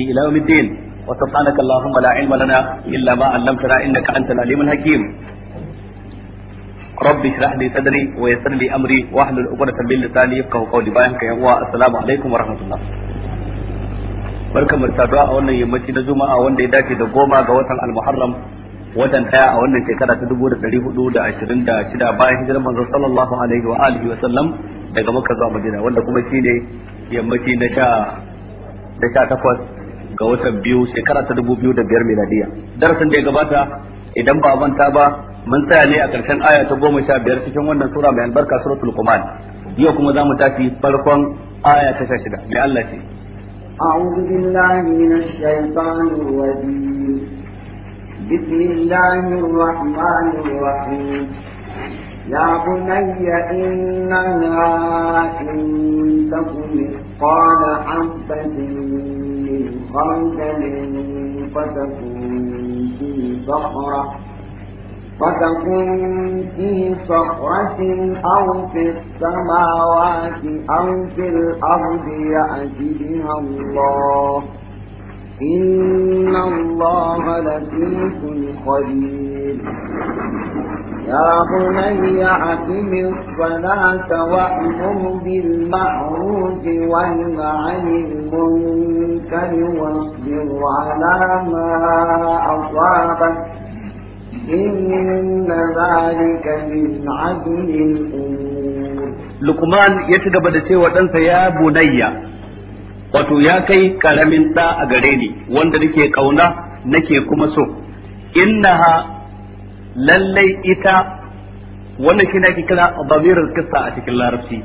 ila yawmiddin wa subhanaka allahumma la ilma lana illa ma 'allamtana innaka antal alimul hakim rabbi shrah li sadri wa yassir li amri wa ahlul 'uqdatan min lisani yafqahu qawli bayan ka yawa assalamu alaikum wa rahmatullah barkamu da a wannan yammaci na juma'a wanda ya dace da goma ga watan al-muharram watan daya a wannan shekara ta dubu da dari hudu da ashirin da shida bayan hijirar manzon sallallahu alaihi wa alihi wa sallam daga makka zuwa madina wanda kuma shi ne yammaci na sha takwas ga watan biyu shekara ta dubu biyu da biyar miladiya darasin da ya gabata idan ba manta ba mun tsaya ne a ƙarshen aya ta goma sha biyar cikin wannan sura mai albarka suratul kuman yau kuma za mu tafi farkon aya ta sha shida mai Allah ce أعوذ بالله من الشيطان الرجيم بسم الله الرحمن الرحيم يا بني إنها إن تكن مثقال حبة من فتكون في صخرة فتكون في صخرة أو في السماوات أو في الأرض يأتي بها الله إن الله لطيف خبير يا بني أقم الصلاة وأمر بالمعروف وانه عن المنكر واصبر على ما أصابك إن ذلك من عدل Lukman ya ci gaba da cewa ɗansa ya bunayya, wato ya kai karamin ɗa a gare ni wanda nake ƙauna nake kuma so, inna lallai ita wannan shi ake kira damirul kisa a cikin larabci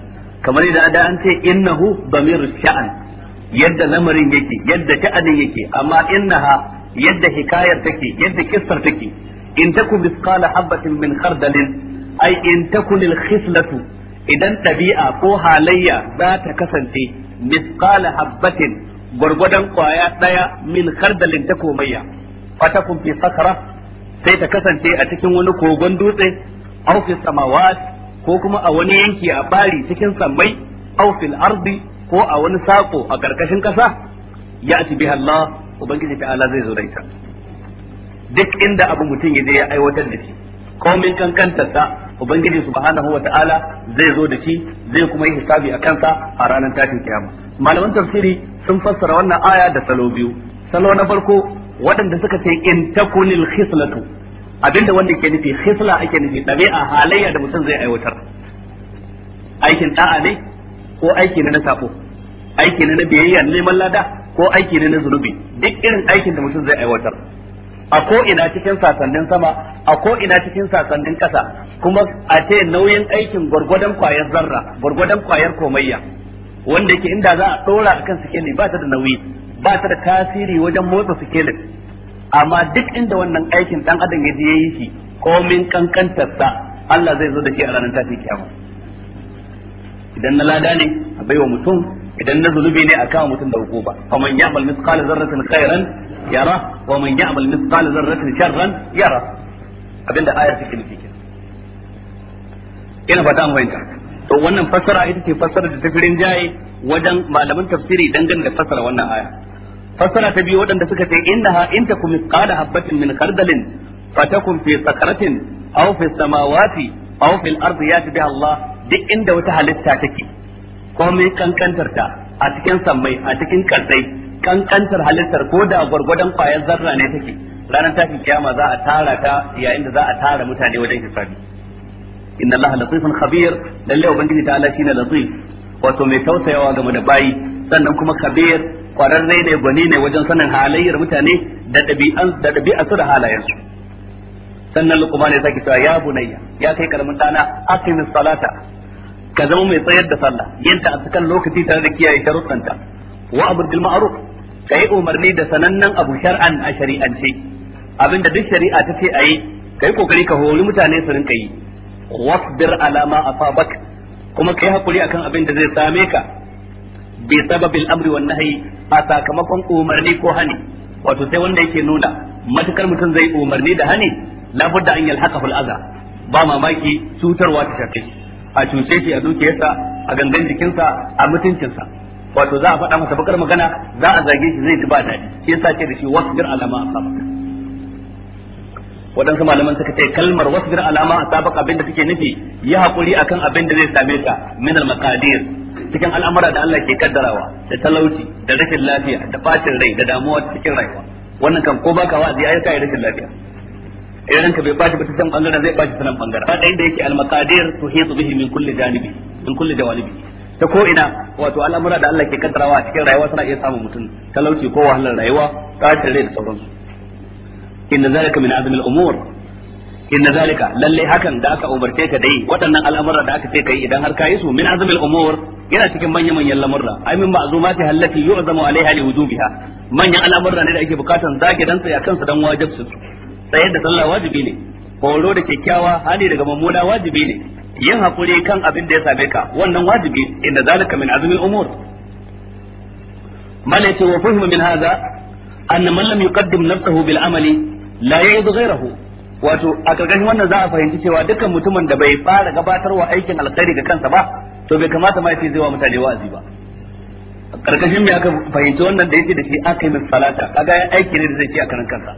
kamar yadda da an ce innahu damirul sha'an yadda lamarin yake yadda sha'anin yake amma innaha yadda hikayar take yadda kissar take in taku misqala habatin min khardalin ai in taku al khislatu idan tabi'a ko halayya za ta kasance misqala habatin gwargwadon kwaya daya min khardalin ta komayya fatakun fi sakara sai ta kasance a cikin wani kogon dutse aw samawat ko kuma a wani yanki a bari cikin sammai aw ardi ko a wani sako a karkashin kasa ci biha Allah ubangiji ta'ala zai zo da ita duk inda abu mutum ya je ya aiwatar da shi kankantar ta ubangiji subhanahu wa ta'ala zai zo da shi zai kuma yi hisabi a kansa a ranar tashin kiyama malaman tafsiri sun fassara wannan aya da salo biyu salo na farko waɗanda suka ce in takunil khislatu abinda wanda ke nufi khisla ake nufi ɗabi'a halayya da mutum zai aiwatar aikin da'a ne ko aiki ne na sabo aiki ne na biyayya neman lada ko aiki ne na zunubi duk irin aikin da mutum zai aiwatar a ko ina cikin sasannin sama a ko ina cikin sasannin kasa kuma a ce nauyin aikin gwargwadon kwayar zarra gwargwadon kwayar komayya wanda yake inda za a dora akan ne ba ta da nauyi ba ta da tasiri wajen motsa sikelin amma duk inda wannan aikin dan adam ya je yi shi komin sa, Allah zai zo da shi a ranar tafi kiyama idan na lada ne a bai wa mutum idan na zunubi ne a kama mutum da hukuma faman ya'mal mithqala zarratin khairan yara wa man ya'mal mithqala zarratin sharran yara abinda ayar take nufi ina fata an fahimta to wannan fassara ita ce fassara da tafirin jaye wajen malaman tafsiri dangane da fassara wannan aya fassara ta biyu waɗanda suka ce innaha in takum misqala habatin min khardalin fatakum fi sakratin aw fi samawati aw fil ardi yati biha Allah duk inda wata halitta take komai kankantar ta a cikin sammai a cikin karsai kankantar halittar ko da gwargwadon kwayar zarra ne take ranar tashin kiyama za a tara ta yayin da za a tara mutane wajen hisabi inna Allah latifun khabir lalle ubangiji ta Allah shine latif wato mai tausayawa game da bayi sannan kuma kabir kwararre ne gwani ne wajen sanin halayyar mutane da ɗabi'an da ɗabi'a su da halayensu sannan luqman ne sake cewa ya bunayya ya kai karamin dana aqimis salata ka zama mai tsayar da sallah yanta a cikin lokaci tare da kiyaye sharuɗanta wa amr bil ma'ruf kai umarni da sanannen abu shar'an a shari'ance abinda duk shari'a ta ce ayi kai kokari ka hori mutane su rinka yi wasbir ala ma asabak kuma kai hakuri akan abin da zai same ka bi sababil amri wan nahyi a sakamakon umarni ko hani wato sai wanda yake nuna matukar mutum zai umarni da hani budda an yalhaqahu al'aza ba mamaki cutarwa ta shafe a cuce shi a dukiyarsa a gangan jikinsa a mutuncinsa wato za a faɗa masa bakar magana za a zage shi zai ji ba daɗi shi yasa ce da shi wasbir alama asabaka waɗansu malaman suka ce kalmar wasbir alama asabaka abinda take nufi yi hakuri akan abin da zai same ka min al maqadir cikin al'amura da Allah ke kaddarawa da talauci da rashin lafiya da bacin rai da damuwa cikin rayuwa wannan kan ko baka wa'azi ai kai rashin lafiya idan ka bai baci ba ta san bangaren zai baci sanan bangaren fada da yake al-maqadir tuhitu bihi min kulli janibi min kulli jawanibi ta ko ina wato al'amura da Allah ke kaddarawa cikin rayuwa suna iya samun mutum talauci ko wahalar rayuwa bacin rai da sauransu inna zalika min azmi umur inna zalika lalle hakan da aka umarce ka dai waɗannan al'amuran da aka ce kai idan har ka yi su min azmil umur yana cikin manyan manyan lamurra ai min ma'zumati allati yu'zamu alaiha li wujubiha manyan al'amurra ne da ake bukatan zage dan tsaya kansa dan su. tsayar da sallah wajibi ne horo da kyakkyawa hali daga Mammuna wajibi ne yin hakuri kan abin da ya same ka wannan wajibi inda zalika min azmil umur malaka wa fahima min hadha anna man lam yuqaddim nafsahu bil amali la yajidu ghayrahu wato a karkashin wannan za a fahimci cewa dukkan mutumin da bai fara gabatarwa aikin alkhairi ga kansa ba to bai kamata ma yace zai wa mutane wa'azi ba karkashin me aka fahimci wannan da yake da shi aka yi salata kaga ya aiki ne da zai ci a karan kansa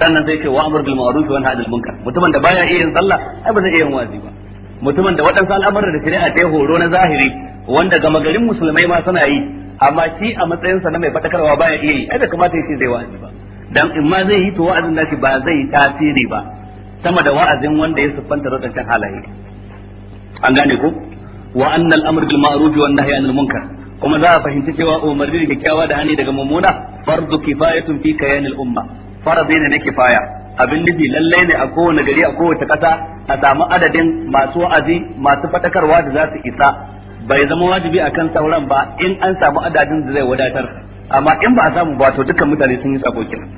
sannan zai ce wa amr bil ma'ruf wa nahy anil munkar mutumin da baya iya yin sallah ai ba zai iya yin wa'azi ba mutumin da wadansu al'amuran da shari'a ta horo na zahiri wanda gama garin musulmai ma suna yi amma shi a matsayinsa na mai fatakarwa baya iya yi ai da kamata yace zai wa'azi ba dan in ma zai yi to wa'azin nashi ba zai tasiri ba sama da wa'azin wanda ya siffanta rotan halaye an gane ko wa anna al-amr bil ma'ruf wa nahy anil munkar kuma za a fahimci cewa umarni da kyakkyawa da hani daga mummuna fardu kifayatun fi kayanil umma farzi ne na kifaya abin nufi lallai ne a kowane gari a kowace ƙasa a samu adadin masu wa'azi masu fatakarwa da za su isa bai zama wajibi akan sauran ba in an samu adadin da zai wadatar amma in ba a samu ba to dukkan mutane sun yi sako kenan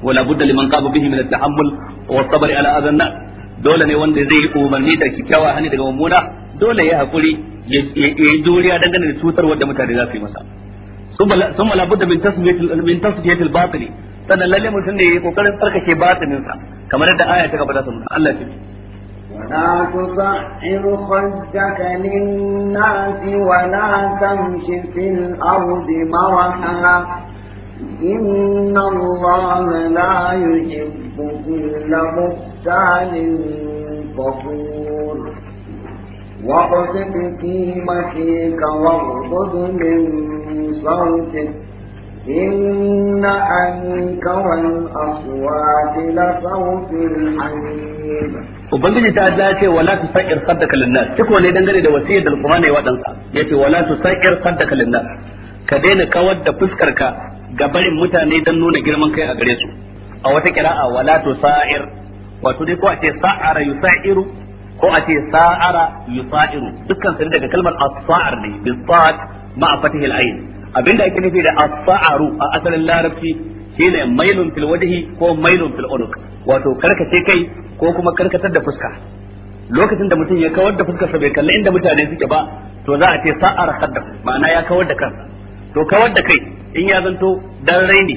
wala budda liman qaba bihi min at-tahammul wa sabr dole ne wanda zai yi umarni da kikkiawa hani daga mummuna dole ya hakuri ya yi duriya dangane da cutar wadda mutane za su yi masa sun malabudda min tasfiyatul batili sannan lalle mutum ne ya yi kokarin tsarkake batininsa kamar yadda aya ta gaba ta samu Allah ya ولا تصعر خدك للناس ولا تمش في الأرض مرحا إن الله لا يحب كل مختال فخور واقصد في مشيك واغضض من صوتك إن أنكر الأصوات لصوت الحميد Ubangiji ta Allah ce wala tu sa'ir saddaka linnas duk wanda ya dangane da wasiyar alqur'ani ya wadansa yace wala tu sa'ir saddaka linnas ka daina kawar da fuskarka ga barin mutane dan nuna girman kai a gare su a wata kira'a wala tu sa'ir wato dai ko a ce sa'ara yusa'iru ko a ce sa'ara yusa'iru dukkan sun daga kalmar as-sa'ar ne bi sa'at ma al ayn abinda ake nufi da as-sa'aru a asalin larabci shine mailun fil wajhi ko mailun fil unuq wato karkace kai ko kuma karkatar da fuska lokacin da mutum ya kawar da fuskarsa bai kalli inda mutane suke ba to za a ce sa'ar hadda ma'ana ya kawar da kansa to kawar da kai in ya zanto dan raini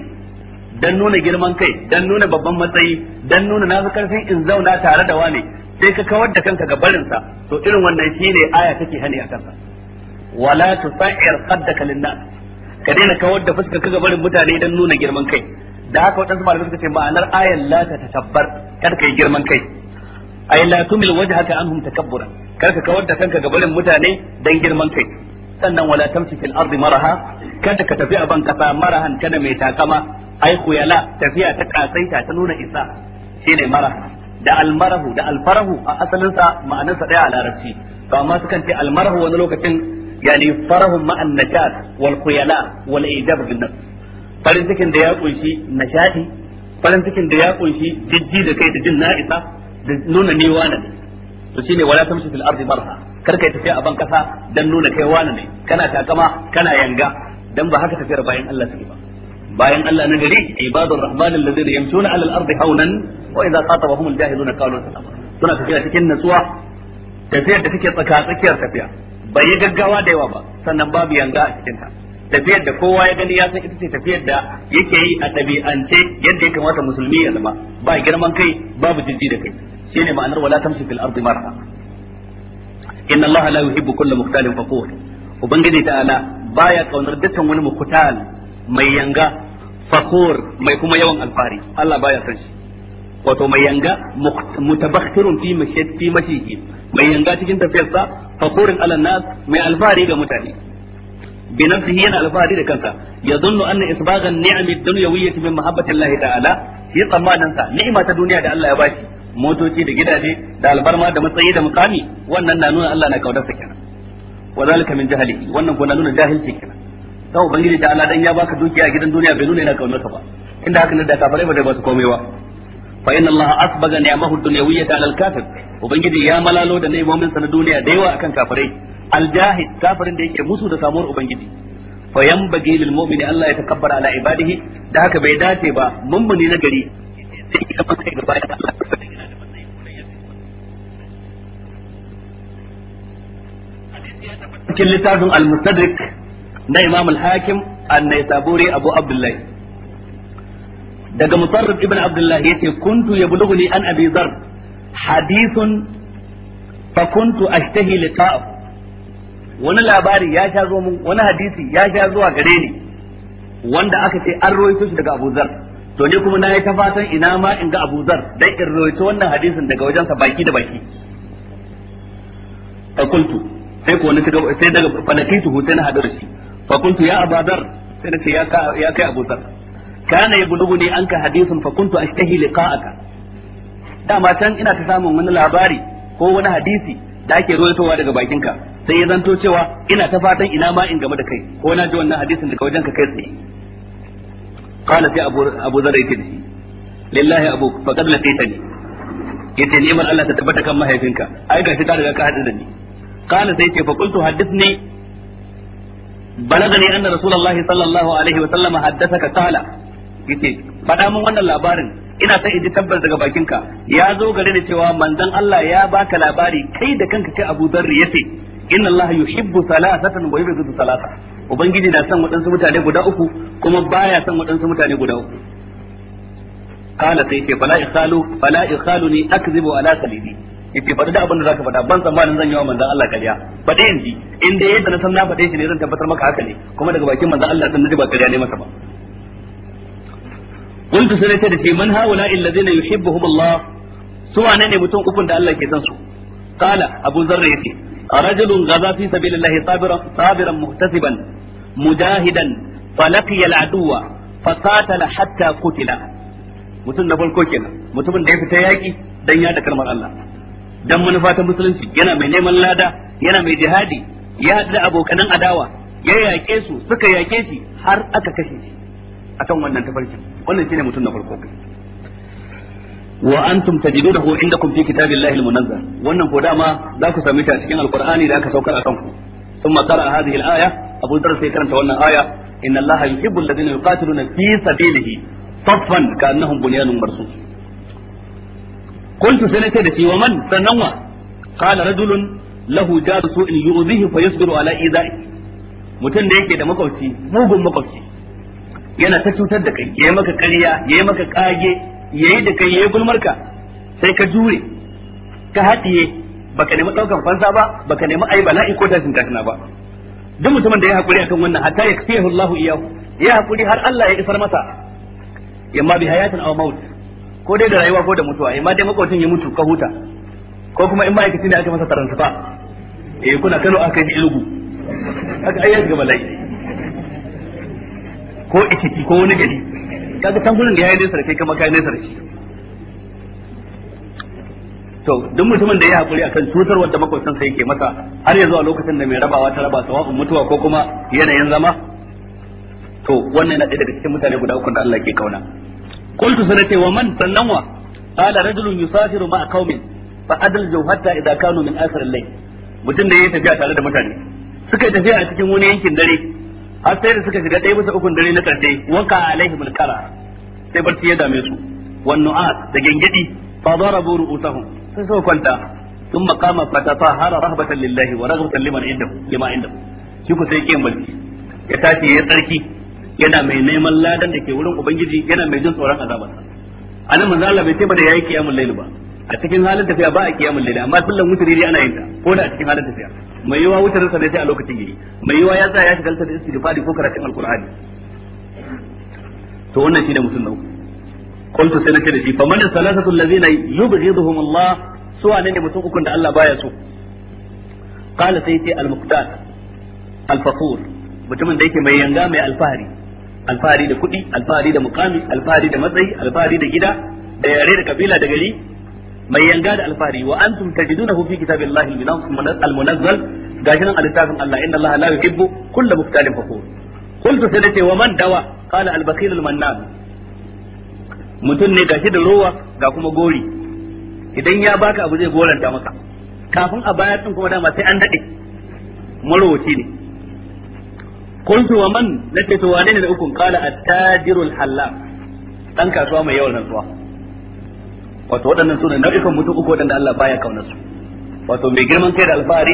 dan nuna girman kai dan nuna babban matsayi dan nuna na karfin in zauna tare da wane sai ka kawar da kanka ga barinsa to irin wannan shine aya take hani a kansa wala tusa'ir qaddaka linnas ka daina kawar da fuskar ka ga barin mutane don nuna girman kai da haka wadansu malamai suka ce ma'anar ayan la ta takabbar kar ka yi girman kai ay la tumil wajhaka anhum takabburan kar ka kawar da kanka ga barin mutane don girman kai sannan wala tamshi fil ardi maraha kada ka tafi a ban kasa marahan kana mai takama ai khuyala tafiya ta kasaita ta nuna isa shine maraha da almarahu da alfarahu a asalinsa ma'anarsa ɗaya a larabci to amma sukan ce almarahu wani lokacin yani farahun ma'an najat wal khuyala wal idab bin nafs farin cikin da ya kunshi nashadi farin cikin da ya kunshi jijji da kai da jin na'isa da nuna ni wani ne to shine wala tamshi fil ardi marha kar kai tafiya a ban kasa dan nuna kai wani ne kana takama kana yanga dan ba haka tafiyar bayan Allah take ba bayan Allah na gari ibadur rahman alladhina yamshuna alal ardi hawlan wa idza qatabahum aljahiluna qalu salama suna tafiya cikin natsuwa tafiyar da take tsaka tsakiyar tafiya bai yi gaggawa da yawa ba sannan babu yanga a cikin ta tafiyar da kowa ya gani ya san ita ce tafiyar da yake yi a ɗabi'ance yadda ya kamata musulmi ya zama ba girman kai babu jijji da kai shine ma'anar wala tamshi fil ardi marha inna allaha la yuhibbu kulla mukhtalin fakhur ubangiji ta'ala baya kaunar dukkan wani mukhtal mai yanga Fakor mai kuma yawan alfari Allah baya san shi wato mai yanga mutabakhirun fi mashiyati mashiyi mai yanga cikin tafiyarsa fakurin ala nas mai alfari ga mutane bi nafsihi yana alfahari da kansa yadhunnu anna isbaghan ni'ami dunyawiyyati min mahabbati Allah ta'ala shi tsammanin sa ni'ima ta duniya da Allah ya bashi motoci da gidaje da albarma da matsayi da mukami wannan na nuna Allah na kaudarsa kenan wa zalika min wannan ko na nuna jahilci kenan ta ubangiji ta Allah dan ya baka dukiya a gidan duniya bai nuna yana kaunar ka ba inda haka ne da kafirai ba zai ba su komai ba fa inna Allah asbaga ni'amahu dunyawiyyata 'ala al-kafir ubangiji ya malalo da ni'imomin sa na duniya da yawa akan kafirai al-jahid kafirin da yake musu da samuwar ubangiji fa yanbaghi lil mu'mini Allah ya takabbara ala ibadihi da haka bai dace ba mummuni na gari sai ya kai gaba da Allah cikin littafin al-mustadrik na Imam al-Hakim an-Naisaburi Abu Abdullahi. daga Musarrif ibn Abdullah yace kuntu yablughuni an Abi Dharr hadithun fa kuntu ashtahi liqa'u wani labari ya sha zo mun wani hadisi ya sha zuwa gare ni wanda aka ce an rawaito shi daga Abu Dharr to ne kuma nayi ta fatan ina ma in ga Abu Dharr dai in rawaito wannan hadisin daga wajensa baki da baki fa kuntu sai ko wani sai daga falakaitu sai na hadu shi fa kuntu ya abadar sai nace ya ka ya kai abudar kana yablughuni anka hadithun fa kuntu ashtahi liqa'aka dama can ina ta samun wani labari ko wani hadisi da ake ruwaitowa daga bakinka sai ya zanto cewa ina ta fatan ina ma in game da kai ko na ji wannan hadisin daga ka kai tsaye qala sai abu abu zarra yake dashi lillahi abu faqad laqitani yace ni'mar Allah ta tabbata kan mahaifinka ai gashi ka daga ka hadu da ni qala sai ce fa qultu hadithni balagani anna rasulullahi sallallahu alaihi wa sallam haddathaka qala yace faɗa min wannan labarin ina son in ji tabbas daga bakinka ya zo gare ni cewa manzon Allah ya baka labari kai da kanka kai Abu Dharr yace inna Allah yuhibbu salasatan wa yubghidu salasa ubangiji na son waɗansu mutane guda uku kuma baya son waɗansu mutane guda uku qala sai ce fala ikhalu fala ikhalu ni akzibu ala salibi yace faɗi da abin da zaka faɗa ban tsammanin zan yi wa manzon Allah kariya faɗi in ji in dai yadda na san na faɗe shi ne zan tabbatar maka haka ne kuma daga bakin manzon Allah din naji ba kariya ne masa ba قلت سنة تدتي من هؤلاء الذين يحبهم الله سوى نني متون أكون الله كيسنسو قال أبو ذر يتي رجل غزا في سبيل الله صابرا صابرا محتسبا مجاهدا فلقي العدو فقاتل حتى قتل mutum na farko kenan mutumin da ya fita yaki dan ya da kalmar Allah dan manufa ta musulunci yana mai neman lada yana mai jihadi ya haɗu da abokanan adawa ya yaƙe su suka yaƙe shi har aka kashe shi akan wannan tafarkin wannan shine mutum na farko wa antum tajidunahu indakum fi kitabillahi almunazzal wannan ko dama za ku same shi a cikin alqur'ani da aka saukar akan ku thumma qara hadhihi alaya abu dar sai karanta wannan aya inna allaha yuhibbu alladhina yuqatiluna fi sabilihi saffan ka'annahum bunyanun marsus قلت sai nace da shi قال man له wa سوء يؤذيه lahu على su'in yu'dhihi fa mutum da yake da makwabci mugun makwabci yana ta cutar da kai yayi maka ƙarya yayi maka kage yayi da kai yayi gulmarka sai ka jure ka hadiye baka nemi daukan fansa ba baka nemi ai bala'i ko tashin tashina ba duk mutumin da ya hakuri akan wannan hatta yakfiyahu Allahu iyahu ya hakuri har Allah ya isar masa yamma bi hayatin aw maut ko dai da rayuwa ko da mutuwa amma dai makwacin ya mutu ka huta ko kuma in ma'aikaci ne aka masa taransifa eh kuna Kano aka yi ilugu aka ayyar ga malai ko ikiki ko wani gari kaga san gurin da yi nesa da kai kama kai nesa da shi to duk mutumin da ya hakuri akan cutar wanda makwacin sai yake masa har yanzu a lokacin da mai rabawa ta raba tsawon mutuwa ko kuma yanayin zama to wannan na ɗaya daga cikin mutane guda uku da Allah ke kauna qultu sanate wa man sannan wa qala rajulun yusafiru ma'a qaumin fa adaljaw hatta idza kanu min akhir al mutum da ya tafiya tare da mutane suka tafiya a cikin wani yankin dare har sai da suka shiga ɗaya bisa ukun dare na karshe waka alaihim al-kara sai barci ya dame su wan nu'as da gengedi fa darabu ru'usahum sai suka kwanta ثم قام فتطهر رهبة لله ورغبة لمن عنده لما عنده shi ku sai kiyan barci ya tashi ya tsarki yana mai neman ladan da ke wurin ubangiji yana mai jin tsoron azabar anan manzo Allah bai ce ba da yayi kiyamul layl ba a cikin halin tafiya ba a kiyamul layl amma sallan wutar ne ana yin ta ko da a cikin halin tafiya mai yiwa wutar sa ne sai a lokacin yayi mai yiwa ya tsaya ya shiga da istighfari ko karatun alqur'ani to wannan shine mutum na uku qultu sai nace da shi faman salasatu allazina yubghiduhum Allah su wane ne mutum ukun da Allah baya so qala sai ce al-muqtad mutumin da yake mai yanga mai alfahari alfahari da kuɗi alfahari da mukami alfahari da matsayi alfahari da gida da yare da kabila da gari mai yanga da alfahari wa antum tajidunahu fi kitabillahi al-munazzal gashin nan al-littafin Allah inna Allah la yuhibbu kullu muftalin fakhur Kun sai dace wa man dawa qala al-bakhil al-mannan mutum ne gashi da rowa ga kuma gori idan ya baka abu zai goranta maka kafin a baya din kuma dama sai an dade marwaci ne kuntu wa man nace to wane ne da ukun qala at-tajirul halal dan kasuwa mai yawan rantsuwa wato waɗannan sune nau'ikan mutum waɗanda Allah baya kauna su wato mai girman kai da alfahari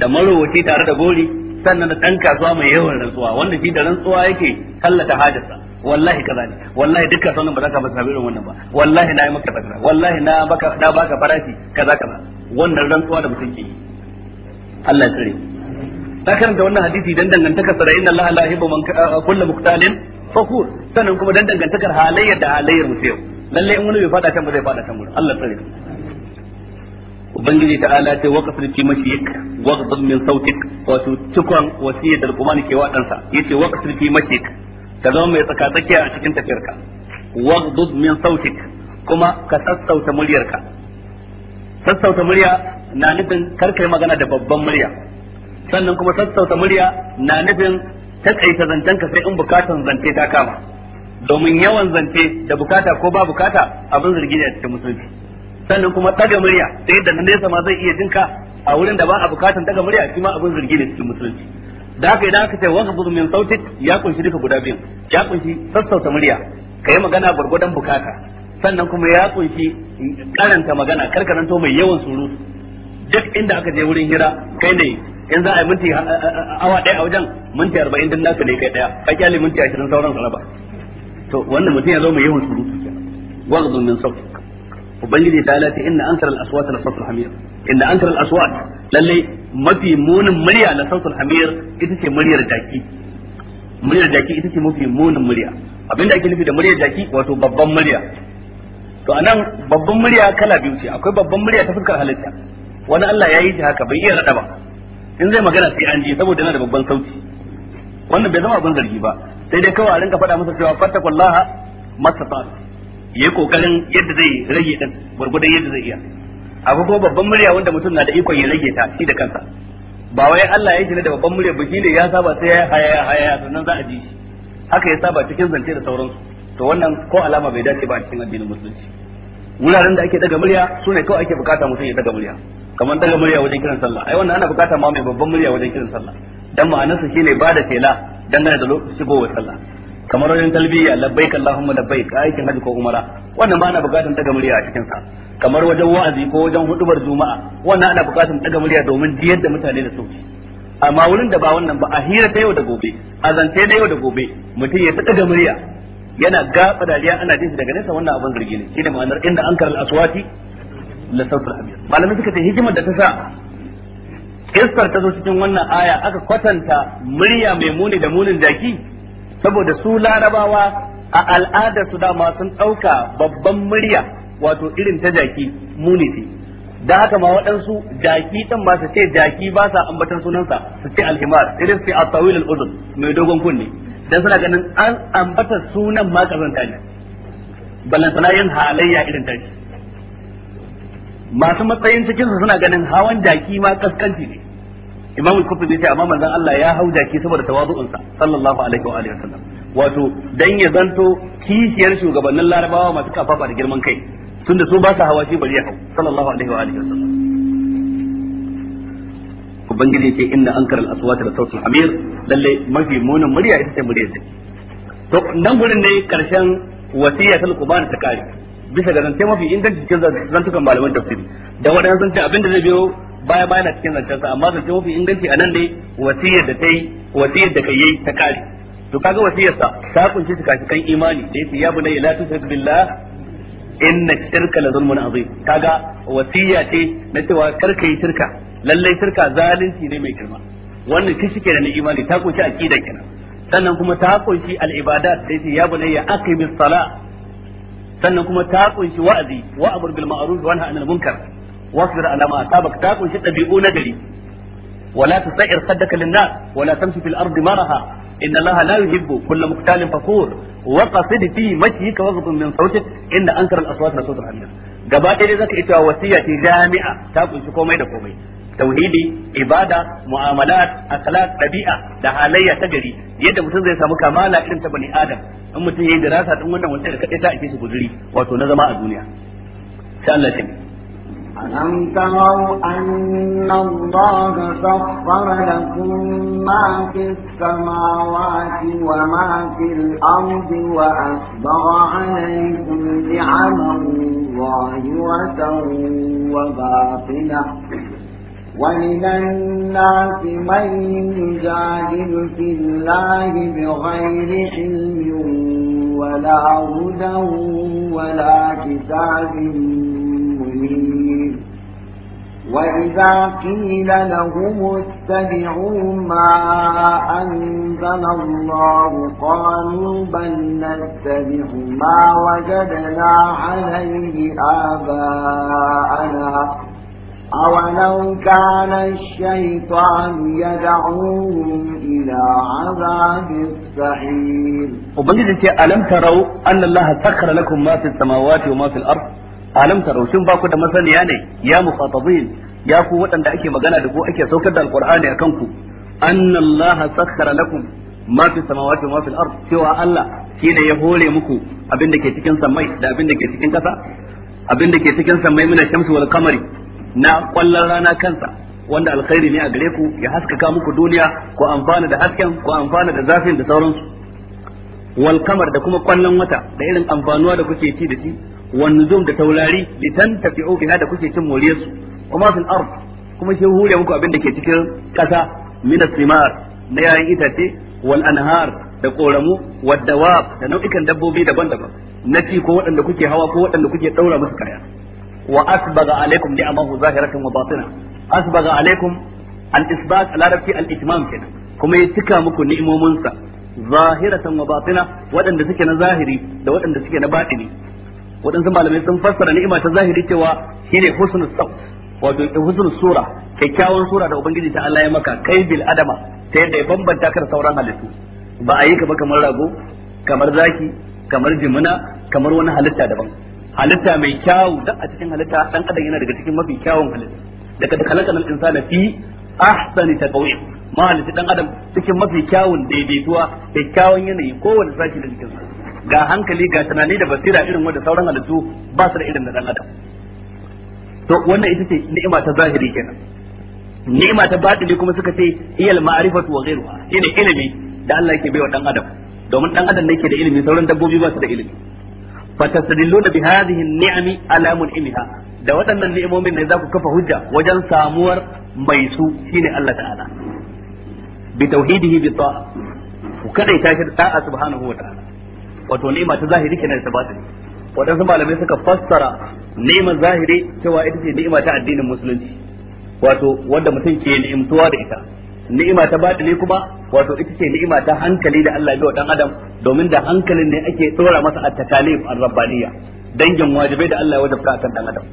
da marowaci tare da gori sannan da dan kasuwa mai yawan rantsuwa wanda shi da rantsuwa yake kallata hajarsa wallahi kaza ne wallahi duk kasuwan ba za ka masa irin wannan ba wallahi na yi maka kaza wallahi na baka na baka farashi kaza kaza wannan rantsuwa da mutum ke yi Allah ya tsare ta karanta wannan hadisi dan dangantaka sa da inna allaha la yuhibbu man ah, kullu muqtalin fakur sanan kuma dan dangantaka halayyar da halayyar mu yau lalle in wani bai fada kan ba zai fada kan mu Allah tsare ubangiji ta ala ta waqaf li mashiyik waqaf min sautik wato tukun wasiyat da Luqman ke wa dansa yace waqaf li mashiyik ka zama mai tsaka tsakiya a cikin tafiyarka waqaf min sautik kuma ka sassauta muryarka sassauta murya na nufin karkai magana da babban murya sannan kuma sassauta murya na nufin takaita zancen ka sai in bukatan zance ta kama domin yawan zance da bukata ko ba bukata abin zargi ne a cikin musulmi sannan kuma daga murya sai da na nesa ma zai iya jinka a wurin da ba a bukatan daga murya shi ma abin zargi ne cikin musulmi da haka idan aka ce buzu min sautik ya kunshi duka guda biyun ya kunshi sassauta murya ka yi magana gwargwadon bukata sannan kuma ya kunshi karanta magana karkaranto mai yawan surutu duk inda aka je wurin hira kai ne in za a yi minti awa ɗaya a wajen minti arba'in din naka ne kai ɗaya ka kyale minti ashirin sauran saraba to wannan mutum ya zo mai yawan surutu kenan waghdun min sawt ubangiji ta lati inna ankara al-aswat al-sawtul hamir inna ankara al-aswat lalle mafi munin murya na sawtul hamir ita ce muryar jaki muryar jaki ita ce mafi munin murya abinda ake nufi da muryar jaki wato babban murya to anan babban murya kala biyu ce akwai babban murya ta fuskar halitta wani Allah ya yi ta haka bai iya rada ba in zai magana sai an ji saboda yana da babban sauti wannan bai zama abin zargi ba sai dai kawai a rinka faɗa masa cewa masa mastafa yayi kokarin yadda zai rage din gurgudan yadda zai iya abu ko babban murya wanda mutum na da ikon ya rage ta shi da kansa ba wai Allah ya gina da babban murya ba shine ya saba sai ya haya haya sannan za a ji shi haka ya saba cikin zance da sauransu to wannan ko alama bai dace ba a cikin addinin musulunci wuraren da ake daga murya sune kawai ake bukata mutum ya daga murya kamar daga murya wajen kiran sallah ai wannan ana bukata ma mai babban murya wajen kiran sallah dan sa shine ba da tela dangane da shigowar sallah kamar wajen talbiya labbaik allahumma labbaik aikin hajji ko umara wannan ba ana bukatan daga murya a cikin sa kamar wajen wa'azi ko wajen hudubar juma'a wannan ana bukatan daga murya domin diyar da mutane da sauki amma wurin da ba wannan ba a hira ta yau da gobe a zance da yau da gobe mutum ya ta daga murya yana gaba dariya ana jin shi daga nesa wannan abin zargi ne shi da ma'anar inda ankar al-aswati la sautul abiyar malamai suka ce hikimar da ta sa iskar ta zo cikin wannan aya aka kwatanta murya mai muni da munin jaki saboda su larabawa a al'adar su dama sun ɗauka babban murya wato irin ta jaki muni ce da haka ma waɗansu jaki ɗin ba su ce jaki ba sa ambatan sunansa su ce alhimar irin su a tawil al'udun mai dogon kunne dan suna ganin an ambata sunan ma kazanta ne balantana yin halayya irin tashi masu matsayin cikin su suna ganin hawan jaki ma kaskanci ne imam al-kutubi sai amma manzon Allah ya hau jaki saboda tawazu'un sa sallallahu alaihi wa alihi wasallam wato dan ya zanto kishiyar shugabannin larabawa masu kafafa da girman kai tunda su ba su hawa shi bari ya hau sallallahu alaihi wa alihi wasallam ubangiji ce inda ankar al-aswat da sautul hamir lalle mafi munin murya ita ce murya ce to nan gurin ne karshen wasiyatul qurban ta kare bisa ga zance mafi inganci cikin zantukan malaman tafsiri da waɗansu sun ce abinda zai biyo baya baya na cikin zancensa amma zance mafi inganci a nan dai wasiyar da ta yi wasiyar da ka yi ta kare to kaga wasiyar sa ta kunshi cikakken imani da yace ya bunayya la tushrik billah inna shirka la zulmun azim kaga wasiya ce na cewa karka yi shirka lallai shirka zalunci ne mai girma wannan kishi kenan imani ta kunshi aqida kenan sannan kuma ta kunshi al ibadat da yace ya bunayya aqimis salat sannan kuma ta kunshi wa'azi wa amr bil ma'ruf wa nahy anil munkar wasbir ala ma asabak ta kunshi dabi'u na gari wala tusair saddaka lin nas wala tamshi fil ardi maraha inna allaha la yuhibbu kulla muqtalin fakhur wa qasid fi mashyika waghd min sawtik inna ankara al aswat la sawt al hamir gaba ɗaya zaka ita wasiya ce jami'a ta kunshi komai da komai tauhidi ibada mu'amalat akhlaq ɗabi'a, da halayya ta gari yadda mutum zai samu kamala irin ta bani adam in mutum yayi dirasa din wannan wanda kadai ta ake shi guduri wato na zama a duniya sai Allah ya ألم تروا أن الله سخر لكم ما في السماوات وما في الأرض وأسبغ عليكم نعما ظاهرة وباطنة ومن الناس من يجادل في الله بغير علم ولا هدى ولا كتاب منير وإذا قيل لهم اتبعوا ما أنزل الله قالوا بل نتبع ما وجدنا عليه آباءنا أولو كان الشيطان يدعوهم إلى عذاب السعير وبنجد ألم تروا أن الله سخر لكم ما في السماوات وما في الأرض ألم تروا شن باكو da masaniya ne ya mukhatabin ya ku waɗanda ake magana da ku ake saukar da alqur'ani akan ku anna sakhara lakum ma fi samawati wa ma fil ard cewa Allah shine ya hore muku abin da ke cikin samai da abin da ke cikin abin da ke cikin samai shamsu na kwallon rana kansa wanda alkhairi ne a gare ku ya haskaka muku duniya ku amfana da hasken ku amfana da zafin da sauransu wal kamar da kuma kwallon wata da irin amfanuwa da kuke ci da shi wan nuzum da taurari tan tafi'u biha da kuke cin moriyar su kuma fil ard kuma shi hure muku abin da ke cikin kasa min simar na yayin itace wal anhar da koramu wadda wa da nau'ikan dabbobi daban-daban na ci ko waɗanda kuke hawa ko waɗanda kuke daura musu kaya wa asbaga alaikum ni'amahu zahiratan wa batina asbaga alaikum al-isbat al-arabi al-itmam kenan kuma ya cika muku ni'imominsa zahiratan wa batina waɗanda suke na zahiri da waɗanda suke na batini waɗansu malamai sun fassara ni'ima ta zahiri cewa shine husnul saut wato husnul sura kyakkyawan sura da ubangiji ta Allah ya maka kai bil adama ta yadda ya bambanta ka da sauran halittu ba a yi ka ba kamar rago kamar zaki kamar jimina kamar wani halitta daban halitta mai kyau duk a cikin halitta dan adam yana daga cikin mafi kyawun halitta daga da kalaka insana fi ahsani taqwim ma halitta dan adam cikin mafi kyawun daidaituwa da kyawun yanayi kowanne sashi da cikin ga hankali ga tunani da basira irin wanda sauran halittu ba su da irin da dan adam to wannan ita ce ni'ima ta zahiri kenan ni'ima ta batini kuma suka ce iyal ma'rifatu wa ghayruha ina ilimi da Allah yake baiwa dan adam domin dan adam ne ke da ilimi sauran dabbobi ba su da ilimi fatastadilluna bi hadhihi ni'ami ala mun'imiha da waɗannan ni'imomin ne za ku kafa hujja wajen samuwar mai su shine Allah ta'ala bi tauhidihi bi ta'a ku kada ta shi ta'a subhanahu wa ta'ala wato ni'ima ta zahiri kenan ta batini waɗansu malamai suka fassara ni'imar zahiri cewa ita ce ni'ima ta addinin musulunci wato wanda mutum ke ni'imtuwa da ita ni'ima ta batini kuma wato ita ce ni'ima ta hankali da Allah ya wa dan adam domin da hankalin ne ake dora masa a takalif ar-rabbaniyya dangin wajibai da Allah ya wajabta akan dan adam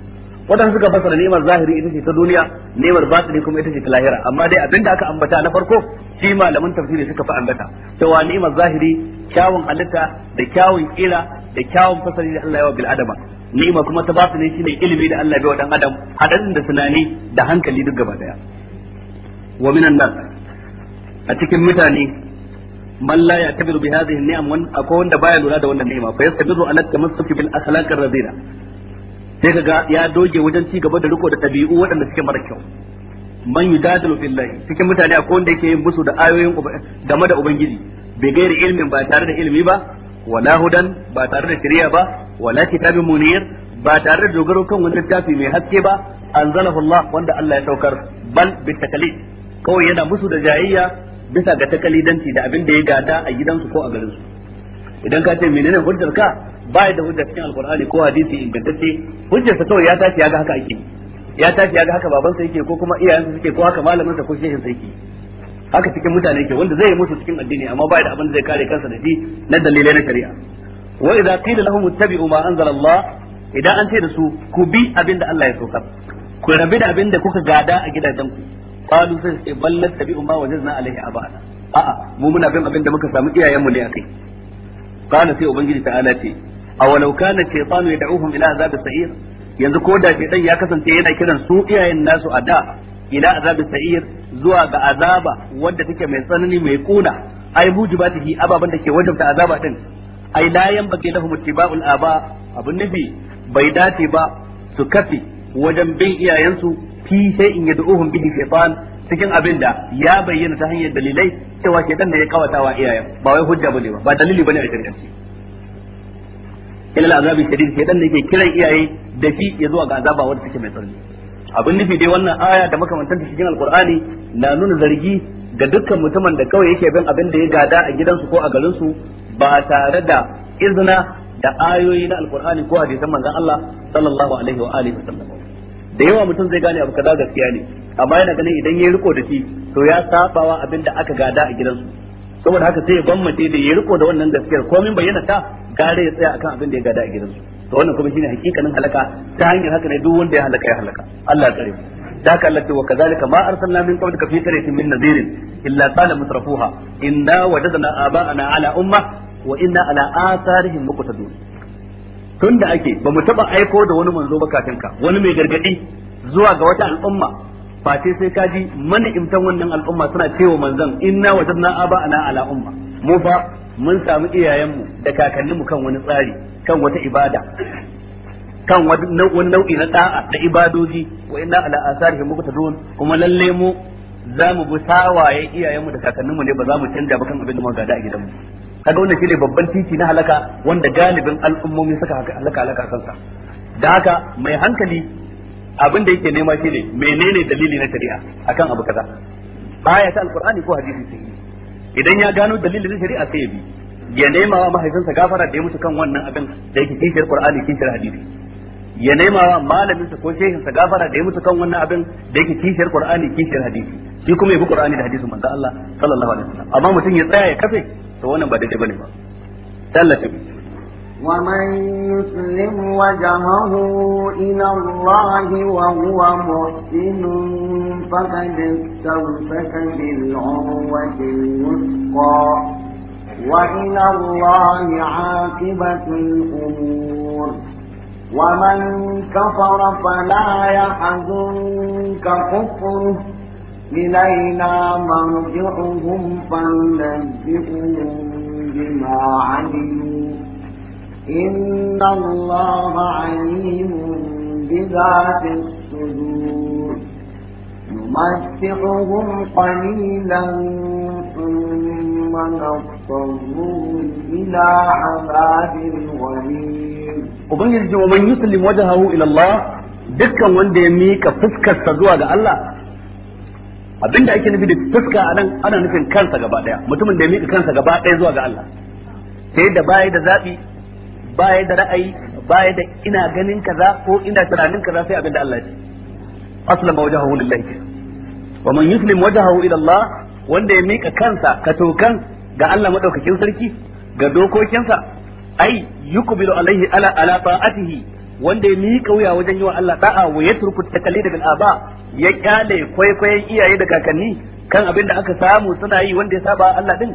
wadanda suka fasara ni'imar zahiri ita ce ta duniya ni'imar batini kuma ita ce ta lahira amma dai abinda aka ambata na farko shi malaman tafsiri suka fi ambata cewa ni'imar zahiri kyawun halitta da kyawun kira da kyawun fasari da Allah ya wa bil adama ni'ima kuma ta batini shine ilimi da Allah ya wa dan adam hadan da tunani da hankali duk gaba daya wa minan nan a cikin mutane man la ya'tabiru bi hadhihi ni'am wan akwai wanda baya lura da wannan ni'ima fa yastabiru ala tamassuki bil akhlaq ar-radila sai kaga ya doge wajen ci gaba da riko da tabi'u waɗanda suke mara kyau man yujadilu billahi cikin mutane akwai wanda yake yin musu da ayoyin game da ubangiji bai gairi ilmin ba tare da ilimi ba wala hudan ba tare da shari'a ba wala kitabin munir ba tare da dogaro kan wani littafi mai haske ba anzalahu Allah wanda Allah ya saukar bal bitakalid kawai yana musu da jayayya bisa ga takalidanci da abin da ya gada a gidansu ko a garinsu idan ka ce menene hujjar ka ba da hujjar cikin alkur'ani ko hadisi ingantacce hujjar sa kawai ya tashi ya ga haka ake ya tashi ya ga haka babansa yake ko kuma iyayensa suke ko haka malamin sa ko shehin sa yake haka cikin mutane ke wanda zai musu cikin addini amma ba da abin da zai kare kansa da shi na dalilai na shari'a wa idza qila lahum ittabi'u ma anzala Allah idan an ce da su ku bi abin da Allah ya saukar ku rabi da abin da kuka gada a ku. qalu sai sai ballat tabi'u ma wajadna alaihi abana a'a mu muna bin abin da muka samu iyayen mu ne akai qala sai ubangiji ta'ala ce law kana shaytanu yad'uhum ila azab sa'ir yanzu ko da shaytan ya kasance yana kiran su iyayen nasu a da ila azab sa'ir zuwa ga azaba wanda take mai tsanani mai kuna ai hi ababan da ke wajabta azaba din ai la yanbaghi lahum ittiba'ul aba abun nabi bai dace ba su kafi wajen bin iyayensu fi in yad'uhum bihi shaytan cikin abin da ya bayyana ta hanyar dalilai cewa shaytan da ya kawatawa iyayen ba wai hujja bane ba ba dalili bane a shari'ance ilal azabi shadid shaytan ne ke kiran iyaye da fi ya zuwa ga azaba wanda take mai tsanani abin nufi dai wannan aya da makamantanta cikin alqur'ani na nuna zargi ga dukkan mutumin da kawai yake bin abin da ya gada a gidansu ko a garinsu ba tare da izina da ayoyi na alqur'ani ko hadisan manzon Allah sallallahu alaihi wa alihi wasallam da yawa mutum zai gane abu kaza gaskiya ne amma yana ganin idan ya riko da shi to ya sabawa abin da aka gada a gidansu saboda haka sai ya gwammace da ya riko da wannan gaskiyar komai bayyana ta gare ya tsaya akan abin da ya gada a gidansu to wannan kuma shine hakikanin halaka ta hanyar haka ne duk wanda ya halaka ya halaka Allah ya tsare mu ذاك التي وكذلك ما أرسلنا من قبلك في قرية من نذير إلا قال مترفوها إنا وجدنا آباءنا على أمة وإنا على آثارهم مقتدون tun da ake ba mu taba aiko da wani manzo ba kafin ka wani mai gargaɗi zuwa ga wata al'umma face sai ka ji mana imtan wannan al'umma suna cewa manzon inna wajadna aba ana ala umma mu fa mun samu iyayenmu da kakanninmu kan wani tsari kan wata ibada kan wani nau'i na da'a da ibadoji wa inna ala asarihim muqtadun kuma lalle mu za mu bi sawaye iyayenmu da kakanninmu ne ba za mu canja ba kan abin da muka gada a gidanmu kaga wannan shine babban titi na halaka wanda galibin al'ummomi suka halaka halaka kansa da haka mai hankali abin da yake nema shine menene dalili na shari'a akan abu kaza aya ta alqur'ani ko hadisi sai idan ya gano dalilin na shari'a sai ya bi ya nema wa mahaifinsa gafara da ya mutu kan wannan abin da yake kishiyar qur'ani kishiyar hadisi ya nema wa malaminsa ko sa gafara da ya mutu kan wannan abin da yake kishiyar qur'ani kishiyar hadisi shi kuma ya bi qur'ani da hadisin manzo Allah sallallahu alaihi wasallam amma mutum ya tsaya ya kafe to wannan ba daidai bane ba tallafi wa man yuslim wajhahu ila Allah wa huwa muhsin faqad tawaffaka bil wa إلينا مرجعهم فننبئهم بما علموا إن الله عليم بذات الصدور نمتعهم قليلا ثم نضطرهم إلى عذاب غليظ ومن يسلم وجهه إلى الله dukkan wanda ya mika fuskarsa zuwa ga Allah Abin da ake nufi da fuska a nan ana nufin kansa gaba daya mutumin da ya mika kansa gaba daya zuwa ga Allah sai da baya da zabi baya da ra'ayi baya da ina ganin kaza ko ina tunanin kaza sai abinda Allah ya ce wajhahu lillahi wa man yuslim wajhahu ila Allah wanda ya mika kansa katokan ga Allah madaukakin sarki ga dokokinsa ai yukbilu alaihi ala ala ta'atihi wanda ya miƙa wuya wajen yi wa Allah da'a wa ya turku takalli daga aba ya kyale kwaikwayon iyaye da kakanni kan abin da aka samu suna yi wanda ya saba Allah din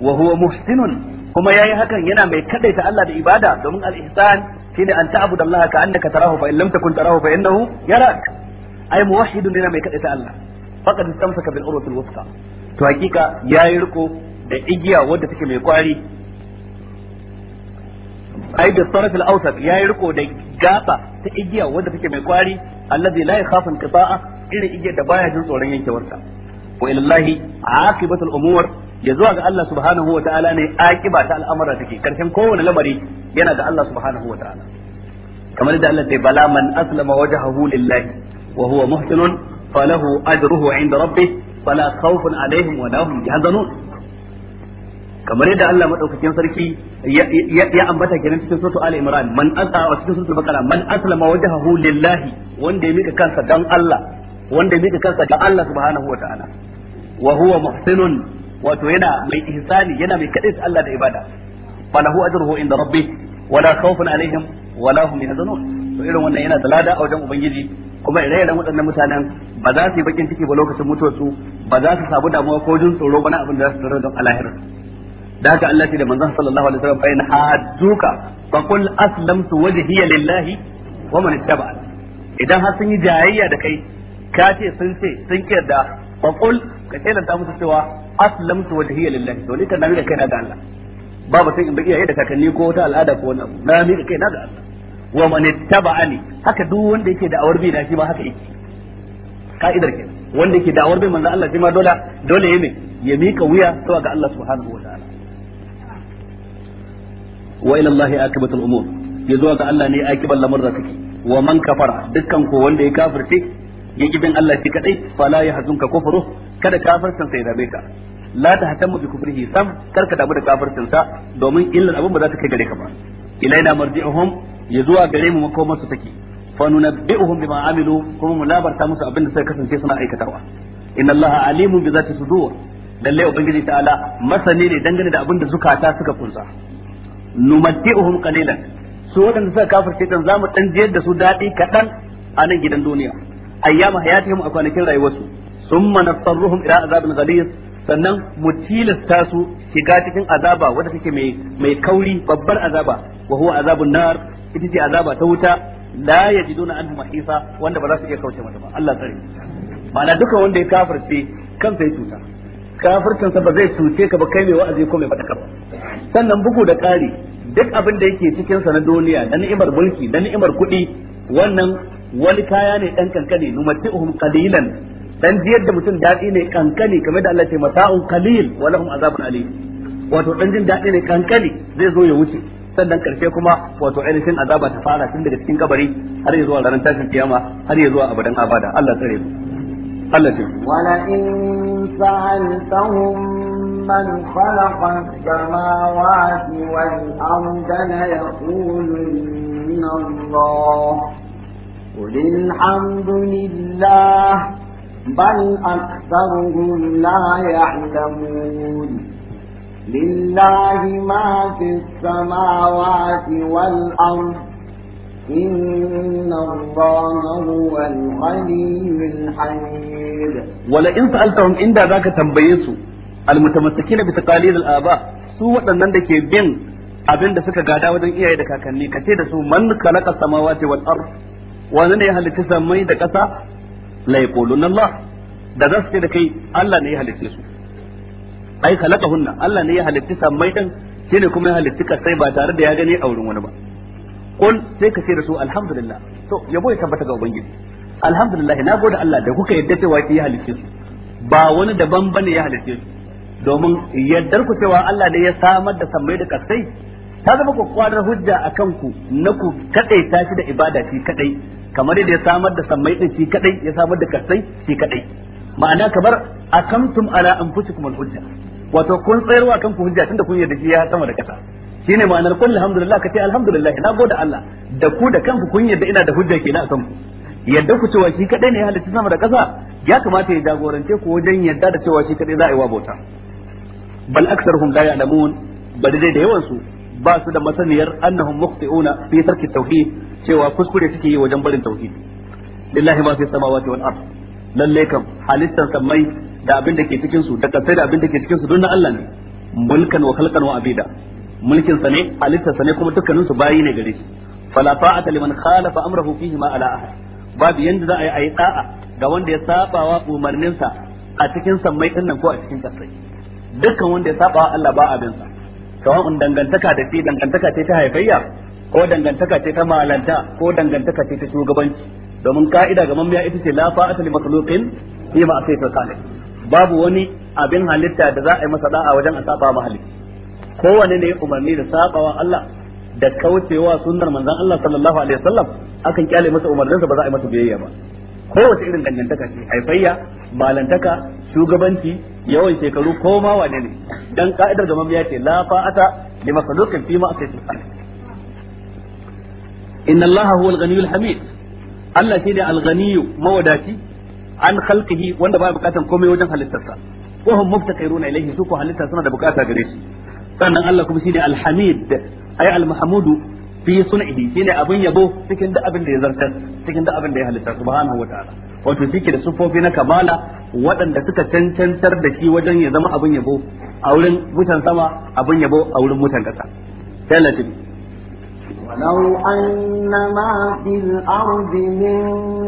wa huwa muhsinun kuma yayi hakan yana mai kadaita Allah da ibada domin al-ihsan shine an ta'budu Allah ka annaka tarahu fa in lam takun tarahu fa innahu yarak ai muwahhidun yana mai kadaita Allah faqad istamsaka bil urwatil wuthqa to hakika yayi riko da igiya wadda take mai kwari ai da sarf al ya yi riko da gaba ta igiya wanda take mai kwari allazi la yakhafu inqita'a irin igiyar da baya jin tsoron yankewarta wa ilallahi aqibatu al-umur ya zuwa ga Allah subhanahu wa ta'ala ne aqiba ta al'amura take karshen kowane lamari yana ga Allah subhanahu wa ta'ala kamar da Allah sai bala man aslama wajhahu lillahi wa huwa muhsinun falahu ajruhu 'inda rabbih fala khawfun 'alayhim wa la hum yahzanun kamar yadda Allah madaukakin sarki ya ambata kenan cikin suratu Ali Imran man asla wa cikin suratu Baqara man aslama wajhahu lillahi wanda ya mika kansa dan Allah wanda ya mika kansa ga Allah subhanahu wa ta'ala wa huwa muhsinun wato yana mai ihsani yana mai kadai Allah da ibada falahu ajruhu inda rabbih wala khawfun alaihim wala hum yahzanun to irin wannan yana da lada a wajen ubangiji kuma ire-iren waɗannan mutanen ba za su yi bakin ciki ba lokacin mutuwarsu ba za su samu damuwa ko jin tsoro ba na abin da za su tsoro don alahir da haka Allah ce da manzon sallallahu alaihi wasallam bayin hajjuka fa qul aslamtu wajhiya lillahi wa man ittaba'a idan har sun yi jayayya da kai ka ce sun ce sun kiyarda fa qul ka ce nan ta musu cewa aslamtu wajhiya lillahi to ni kan nabi da kaina ga Allah Ba sai in bi iyaye da kakanni ko wata al'ada ko wani na mi da kaina ga Allah wa man ittaba'ani haka duk wanda yake da awar bi da shi ma haka yake ka'idar kenan wanda yake da awar bi manzo Allah shi ma dole dole ne ya mika wuya zuwa ga Allah subhanahu wa ta'ala wa ila Allah akibatul umur ya zuwa ga Allah ne lamar da take wa man kafara dukkan ko wanda ya kafirce ya ki bin Allah shi kadai fala ya ka kufru kada kafircin sai rabe ka la ta hatammu bi kufrihi sam kar ka damu da kafircin sa domin illar abin ba za ta kai gare ka ba ilaina marji'uhum ya zuwa gare mu makomar su take fa nunabbi'uhum bima amilu kuma mu labarta musu abin da suka kasance suna aikatawa inna Allah alimun bi zati sudur lalle ubangiji ta'ala masani ne dangane da abin da zukata suka kunsa numatti'uhum qalilan su waɗanda suka kafirce kan zamu dan jiyar da su daɗi kaɗan a nan gidan duniya ayyama hayatihim a kwanakin rayuwarsu summa nasarruhum ila azabin ghaliyas sannan mu tilasta su shiga cikin azaba wanda take mai mai kauri babbar azaba wa huwa azabun nar ita ce azaba ta wuta la yajiduna anhu mahisa wanda ba za su iya kauce mata ba Allah tsare ma'ana duka wanda ya kafirce kansa ya cuta kafircin sa ba zai cuce ka ba kai mai wa'azi ko mai fadaka ba sannan bugu da ƙari duk abin da yake cikin sa na duniya da ni'imar mulki da ni'imar kuɗi wannan wani kaya ne dan kankane numatihum qalilan dan jiyar da mutum daɗi ne kankane kamar da Allah ce mata'un qalil wa lahum azabun alim wato dan jin daɗi ne kankane zai zo ya wuce sannan karshe kuma wato ainihin azaba ta fara tun daga cikin kabari har ya zuwa ranar tashin kiyama har ya zuwa abadan abada Allah tsare mu التي ولئن سألتهم من خلق السماوات والأرض ليقولن الله قل الحمد لله بل أكثرهم لا يعلمون لله ما في السماوات والأرض إن الله هو الغني الحميد ولئن سألتهم إن ذاك تنبيسوا المتمسكين بتقاليد الآباء su waɗannan da ke bin abin da suka gada wajen iyaye da kakanni ka ce da su man khalaqa samawati wal ard wani ne ya samai da ƙasa Allah da za su ce da kai Allah ne ya halitta su ai hunna, Allah ne ya halitta samai din shine kuma ya halitta kasai ba tare da ya gani a wurin wani ba kul sai ka ce da su alhamdulillah to yabo ya tabbata ga ubangiji alhamdulillah na gode Allah da kuka yadda cewa ki ya halice ba wani daban bane ya halice su domin yaddar ku cewa Allah ne ya samar da sammai da kasai ta zama kwadar hujja a kanku na ku kadai ta shi da ibada shi kadai kamar yadda ya samar da sammai din shi kadai ya samar da kasai shi kadai ma'ana kamar akamtum ala anfusikum alhujja wato kun tsayarwa kanku hujja tunda kun yadda shi ya sama da kasa shine ma'anar kullu alhamdulillah ka ce alhamdulillah na gode Allah da ku da kanku kun yadda ina da hujja kenan akan ku yadda ku cewa shi kadai ne ya halitta sama da ƙasa ya kamata ya jagorance ku wajen yadda da cewa shi kadai za a yi wa bauta bal aktsaruhum la ya'lamun bal dai da yawan su ba su da masaniyar annahum mukhti'una fi tarki tauhid cewa kuskure suke yi wajen barin tauhid lillahi ma fi samawati wal ard lalle kam halittar sammai da abin da ke cikin su da kasai da abin da ke cikin su don Allah ne mulkan wa khalqan wa abida mulkin sa ne halittar sa ne kuma dukkanin su bayi ne gare shi fala fa'ata liman khalafa amrahu fihi ma ala ahad babu yanda za a yi ayi da'a ga wanda ya wa umarnin sa a cikin sammai din nan ko a cikin kasai dukkan wanda ya wa Allah ba abin sa in dangantaka da shi dangantaka ce ta haifayya ko dangantaka ce ta malanta ko dangantaka ce ta shugabanci domin ka'ida ga mamaya ita ce la fa'ata li makhluqin fi ma'siyati khaliq babu wani abin halitta da za a yi masa da'a wajen a saba mahalicci kowane ne umarni da sabawa Allah da kaucewa sunnar manzon Allah sallallahu alaihi wasallam akan kyale masa umarninsa ba za a yi masa biyayya ba kowace irin dangantaka ce haifayya malantaka shugabanci yawan shekaru ko ma wane ne dan ka'idar da mamiya ce la fa'ata li makhluqin fi ma asaytu inna allaha huwal ghaniyul hamid Allah shi ne al mawadaci an khalqihi wanda ba bukatan komai wajen halittarsa wa hum muftakiruna ilayhi suku halitta suna da bukata gare shi sannan Allah kuma shine alhamid ay almahmudu fi sun'ihi shine abin yabo cikin duk abin da ya zartar cikin duk abin da ya halitta subhanahu wataala wato shike da sufofi na kamala waɗanda suka cancantar da shi wajen ya zama abin yabo a wurin mutan sama abin yabo a wurin mutan kasa sai لو أن ما في الأرض من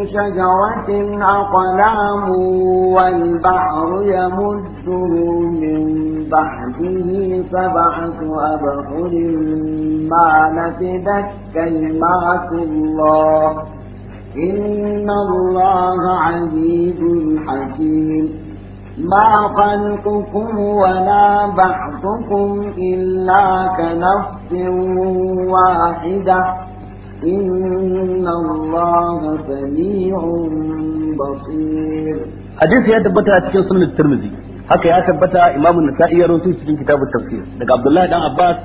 شجرة أقلام والبحر يمده من بعده سبعة أبحر ما نفدت كلمات الله إن الله عزيز حكيم ما خلقكم ولا بعثكم إلا كنفس واحدة إن الله سميع بصير حديث يا تبتا cikin sunan Tirmidhi haka ya tabbata Imam na ya rawaito cikin kitabun tafsir daga Abdullahi dan Abbas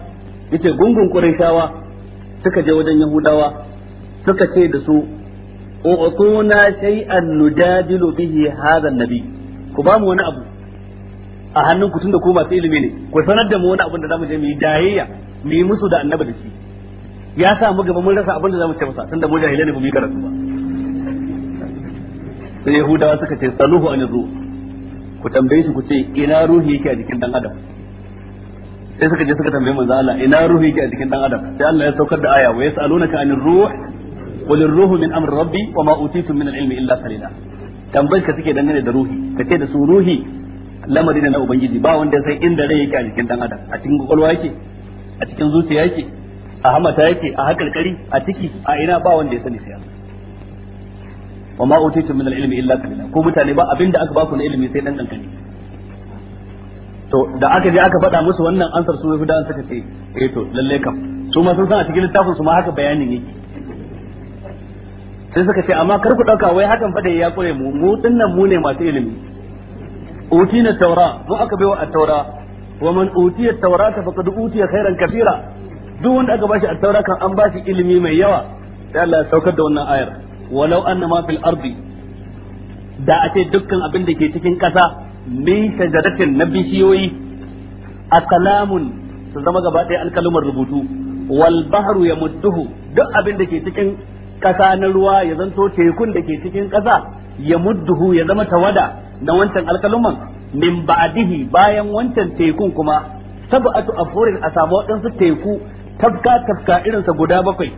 yace gungun Qurayshawa suka je wajen Yahudawa suka ce da su utuna shay'an nujadilu bihi hadha nabi ku ba mu wani abu a hannun ku tunda ku masu ilimi ne ku sanar da mu wani abu da zamu je mu yi dayayya mu yi musu da annabi da shi ya sa mu gaba mun rasa abin da zamu ce masa tunda mu jahilai ne ba mu yi karatu ba sai yahudawa suka ce saluhu an yazo ku tambaye shi ku ce ina ruhi yake a jikin dan adam sai suka je suka tambaye manzo Allah ina ruhi yake a jikin dan adam sai Allah ya saukar da aya wa yasalunaka anir ruh qul ar-ruhu min amri rabbi wa ma utitum min al-ilmi illa qalila tambayar ka suke dangane da ruhi ka ce da su ruhi lamari da na ubangiji ba wanda sai inda rai yake a jikin dan adam a cikin kwakwalwa yake a cikin zuciya yake a hamata yake a hakalkari a ciki a ina ba wanda ya sani sai wa ma utitu min al-ilmi illa qalila ko mutane ba abinda aka baku na ilimi sai dan kankani to da aka je aka faɗa musu wannan ansar su da an saka ce eh to lalle kam su ma sun san a cikin littafin su ma haka bayanin yake sai suka ce amma kar ku dauka wai hakan fa da ya kure mu mu dinnan mu ne masu ilimi utina taura mu aka baiwa at-taura wa man utiya at-taurata faqad utiya khairan kaseera duk wanda aka bashi at-taura kan an bashi ilimi mai yawa sai Allah ya saukar da wannan ayar walau annama fil ardi da a ce dukkan abin da ke cikin kasa min shajaratin na bishiyoyi akalamun su zama gaba ɗaya alkalumar rubutu wal bahru yamudduhu duk abin da ke cikin ƙasa na ruwa ya zanto tekun da ke cikin ƙasa ya mudduhu ya zama tawada na wancan alkaluman min ba'dihi bayan wancan tekun kuma sab'atu afurin a samu waɗansu teku tafka tafka irinsa guda bakwai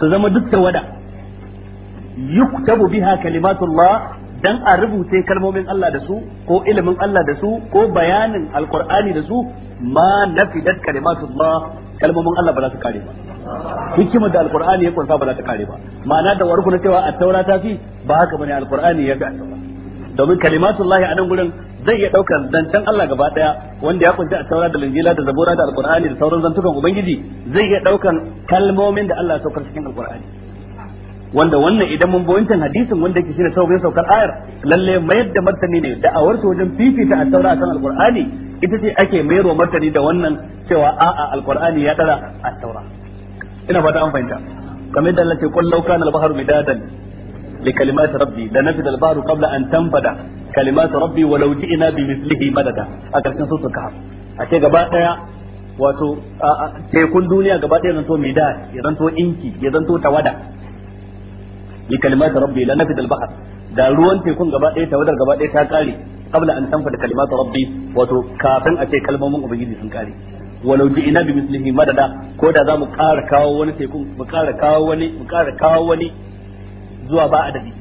su zama duk tawada yuktabu biha kalimatullah dan a rubuce kalmomin Allah da su ko ilimin Allah da su ko bayanin alqur'ani da su ma nafidat kalimatullah kalmomin Allah ba za su kare ba hikimar da alqur'ani ya kunsa ba za ta kare ba ma'ana da warku na cewa a taura ta fi ba haka bane alqur'ani ya fi at-taura domin kalimatullahi a nan gurin zai iya daukar zancen Allah gaba daya wanda ya kunta a taura da linjila da zabura da alqur'ani da sauran zantukan ubangiji zai iya daukan kalmomin da Allah ya saukar cikin alqur'ani wanda wannan idan mun bi wancan hadisin wanda yake shine sababin saukar ayar lalle mayar da martani ne da'awar su wajen fifita a taura akan alqur'ani ita ce ake mayar wa martani da wannan cewa a'a alqur'ani ya dara a taura ina fata an fahimta kamar da Allah ce qul law kana al-bahru midadan لكلمات ربي لنفذ البحر قبل أن تنفذ كلمات ربي ولو جئنا بمثله مددا أكرسين سوس الكهف أشياء قبائة wato tekun duniya gaba ɗaya zanto midad ya zanto inki ya zanto tawada bi kalimati rabbi la nafid al da ruwan tekun gaba ɗaya tawadar gaba ɗaya ta kare qabla an da kalimatu rabbi wato kafin a ce kalmomin ubangiji sun kare walau ina bi mislihi madada ko da zamu ƙara kawo wani tekun mu ƙara kawo wani mu ƙara kawo wani zuwa ba adadi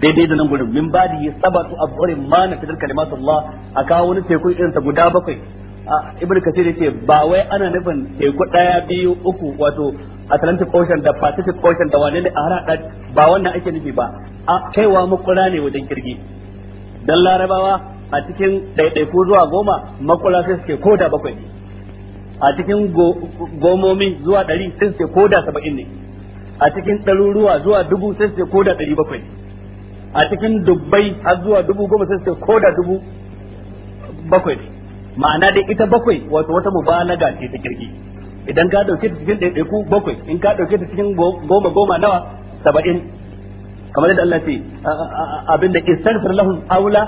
daidai da nan gurin min badi sabatu abwarin ma na fidar allah a kawo wani tekun irin ta guda bakwai ibnu kasir ce ba wai ana nufin teku daya biyu uku wato Atlantic Ocean da Pacific Ocean da wane ne a harada ba wannan ake nufi ba a kaiwa makura ne wajen kirgi dan larabawa a cikin ɗaiɗaiku zuwa goma makura sai suke koda bakwai a cikin gomomi zuwa ɗari sai suke koda saba'in ne a cikin ɗaruruwa zuwa dubu sai suke koda ɗari bakwai a cikin dubbai har zuwa dubu goma sai suke koda dubu bakwai ma'ana dai ita bakwai wato wata mubalaga ce ta kirgi. idan ka dauke ta cikin ɗaiɗaiku bakwai in ka dauke ta cikin goma goma nawa saba'in kamar yadda Allah ce abin da istaghfir lahum aula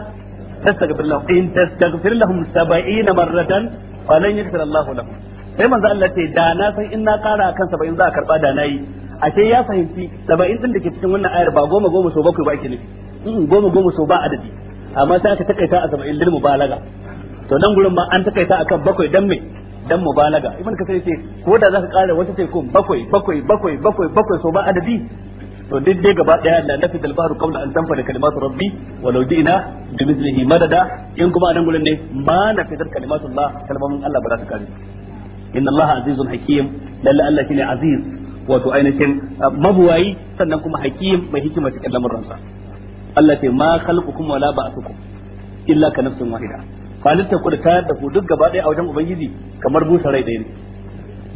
tastaghfir lahum in tastaghfir lahum saba'ina marratan falan yaghfir Allah lahum sai manzo Allah ce da na san in na kara akan saba'in za a karba da nayi ashe ya fahimci saba'in din da ke cikin wannan ayar ba goma goma so bakwai ba ake nufi goma goma so ba adadi amma sai aka takaita a saba'in lil mubalaga to nan gurin ma an takaita akan bakwai dan me dan mubalaga ibn kasir ce ko da zaka kara wata sai kun bakwai bakwai bakwai bakwai bakwai so ba adadi to duk dai gaba daya la nafi dal bahru qawla an tanfada kalimatu rabbi walau ji'na bi mithlihi madada in kuma anan gurin ne na nafi dal kalimatullah kalmomin Allah ba za su kare inna Allah azizun hakim lalla Allah shine aziz wato ainihin ah, mabuwayi sannan kuma hakim mai hikima cikin lamuransa Allah ce ma khalqukum wala ba'thukum illa ka nafsin wahida halitta ku da tayar da ku duk gaba ɗaya a wajen ubangiji kamar busa rai ɗaya ne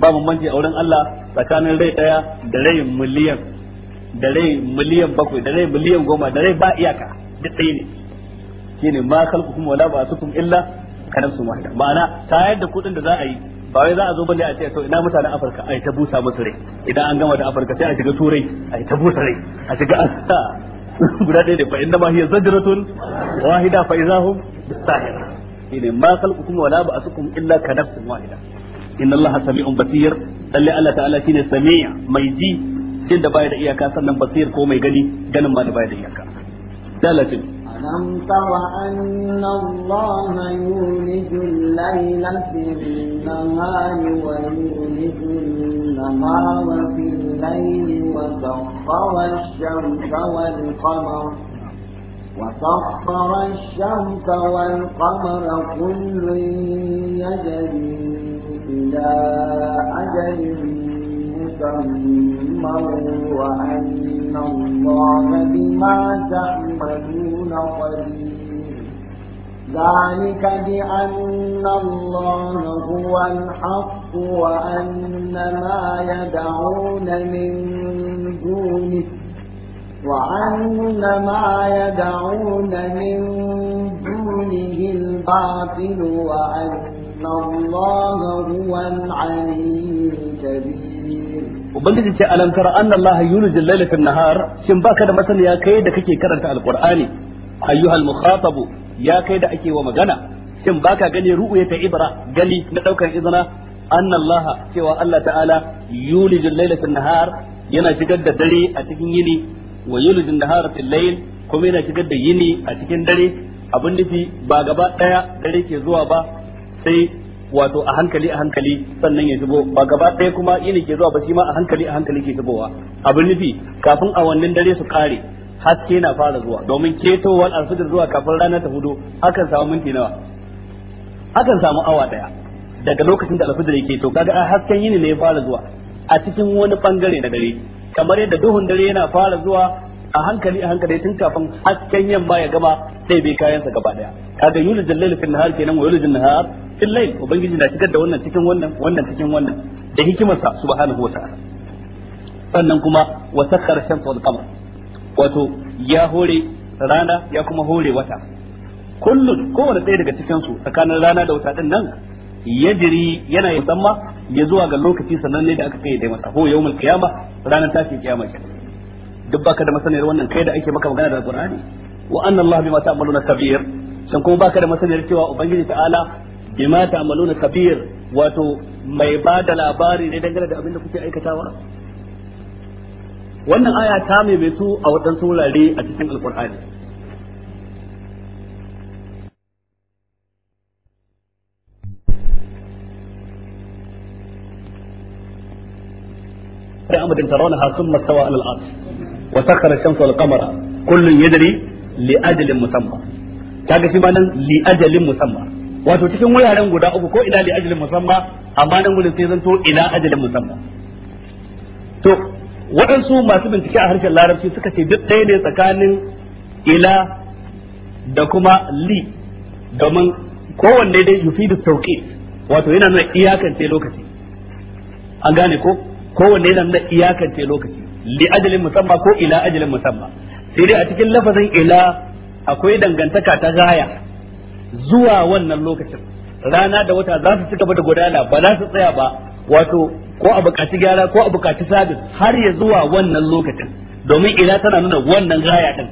ba bambanci a wurin Allah tsakanin rai ɗaya da rai miliyan da rai miliyan bakwai da rai miliyan goma da rai ba iyaka duk ɗaya ne ne ma kuma wala ba'athukum illa su wahida ma'ana tayar da kuɗin da za a yi ba wai za a zo ne a ce to ina mutanen Afirka yi ta busa musu rai idan an gama da Afirka sai a shiga Turai yi ta busa rai a shiga Asiya guda ɗaya da fa'in da ma hiyar zajiratun wahida fa'izahun idahum shine ma khalqukum wala ba'athukum illa ka nafsin wahida inna allaha sami'un basir lalle Allah ta'ala shine sami'a mai ji jin da baya da iyaka sannan basir ko mai gani ganin ma da baya da iyaka dalilin alam tara anna allaha yuliju al-layla fi an-nahari wa yuliju an-nahara fi al-layli wa sakhkhara ash-shamsa wal-qamara وسخر الشمس والقمر كل يجري إلى أجل مسمى وأن الله بما تعملون قدير ذلك بأن الله هو الحق وأن ما يدعون من دونه وأن ما يدعون من دونه الباطل وأن الله هو العلي الكبير ubangiji ce alam tara anna allaha yuliju al fi nahar shin baka da masaniya kai da kake karanta alqur'ani ayyuhal mukhatabu ya kai da ake wa magana shin baka gani ta ibra gani na ɗaukar izina anna cewa allah ta'ala yuni, al fi nahar yana shigar da dare a cikin yini wa yulidu nahara fil layl kuma yana shigar da yini a cikin dare abin fi ba gaba daya dare ke zuwa ba sai wato a hankali a hankali sannan ya shigo ba gaba daya kuma yini ke zuwa ba shi ma a hankali a hankali ke shigowa abin fi kafin a wannan dare su kare haske na fara zuwa domin ketowar alfajir zuwa kafin rana ta hudu akan samu minti nawa akan samu awa daya daga lokacin da alfajir yake to kaga hasken yini ne ya fara zuwa a cikin wani bangare na dare kamar yadda duhun dare yana fara zuwa a hankali a hankali tun kafin hasken yamma ya gama sai bai kayansa gaba daya kaga yulijin jallal fil nahar kenan wa yulijin nahar fil layl ubangiji na shigar da wannan cikin wannan wannan cikin wannan da hikimarsa subhanahu wa ta'ala sannan kuma wa sakhara shamsa wal qamar wato ya hore rana ya kuma hore wata kullun kowane ɗaya daga cikin su tsakanin rana da wata din nan yajri yana yin samma ya zuwa ga lokaci sannan ne da aka kai da masa ho yau yawmul qiyama ranar tashin kiyama ke duk baka da masaniyar wannan kai da ake maka magana da alqur'ani wa anna allaha bima ta'maluna kabir san kuma baka da masaniyar cewa ubangiji ta'ala bima ta'maluna kabir wato mai ba da labari ne dangane da abin da kuke aikatawa wannan aya ta mai mai maimaitu a wadansu wurare a cikin alqur'ani كأمد ترونها ثم استوى على الأرض وسخر الشمس والقمر كل يدري لأجل مسمى kaga shi ma li ajalin musamma wato cikin wuraren guda uku ko ila li ajalin musamma amma nan gurin sai zanto ila ajalin musamma to waɗansu masu bincike a harshen larabci suka ce duk ɗaya ne tsakanin ila da kuma li domin kowanne dai da sauƙi wato yana nuna iyakance lokaci an gane ko kowanne yana nuna iyakance lokaci li ajalin musamma ko ila ajalin musamma sai dai a cikin lafazin ila akwai dangantaka ta gaya zuwa wannan lokacin rana da wata za su ci gaba da gudana ba za su tsaya ba wato ko a bukaci gyara ko a bukaci sabis har ya zuwa wannan lokacin domin ila tana nuna wannan gaya din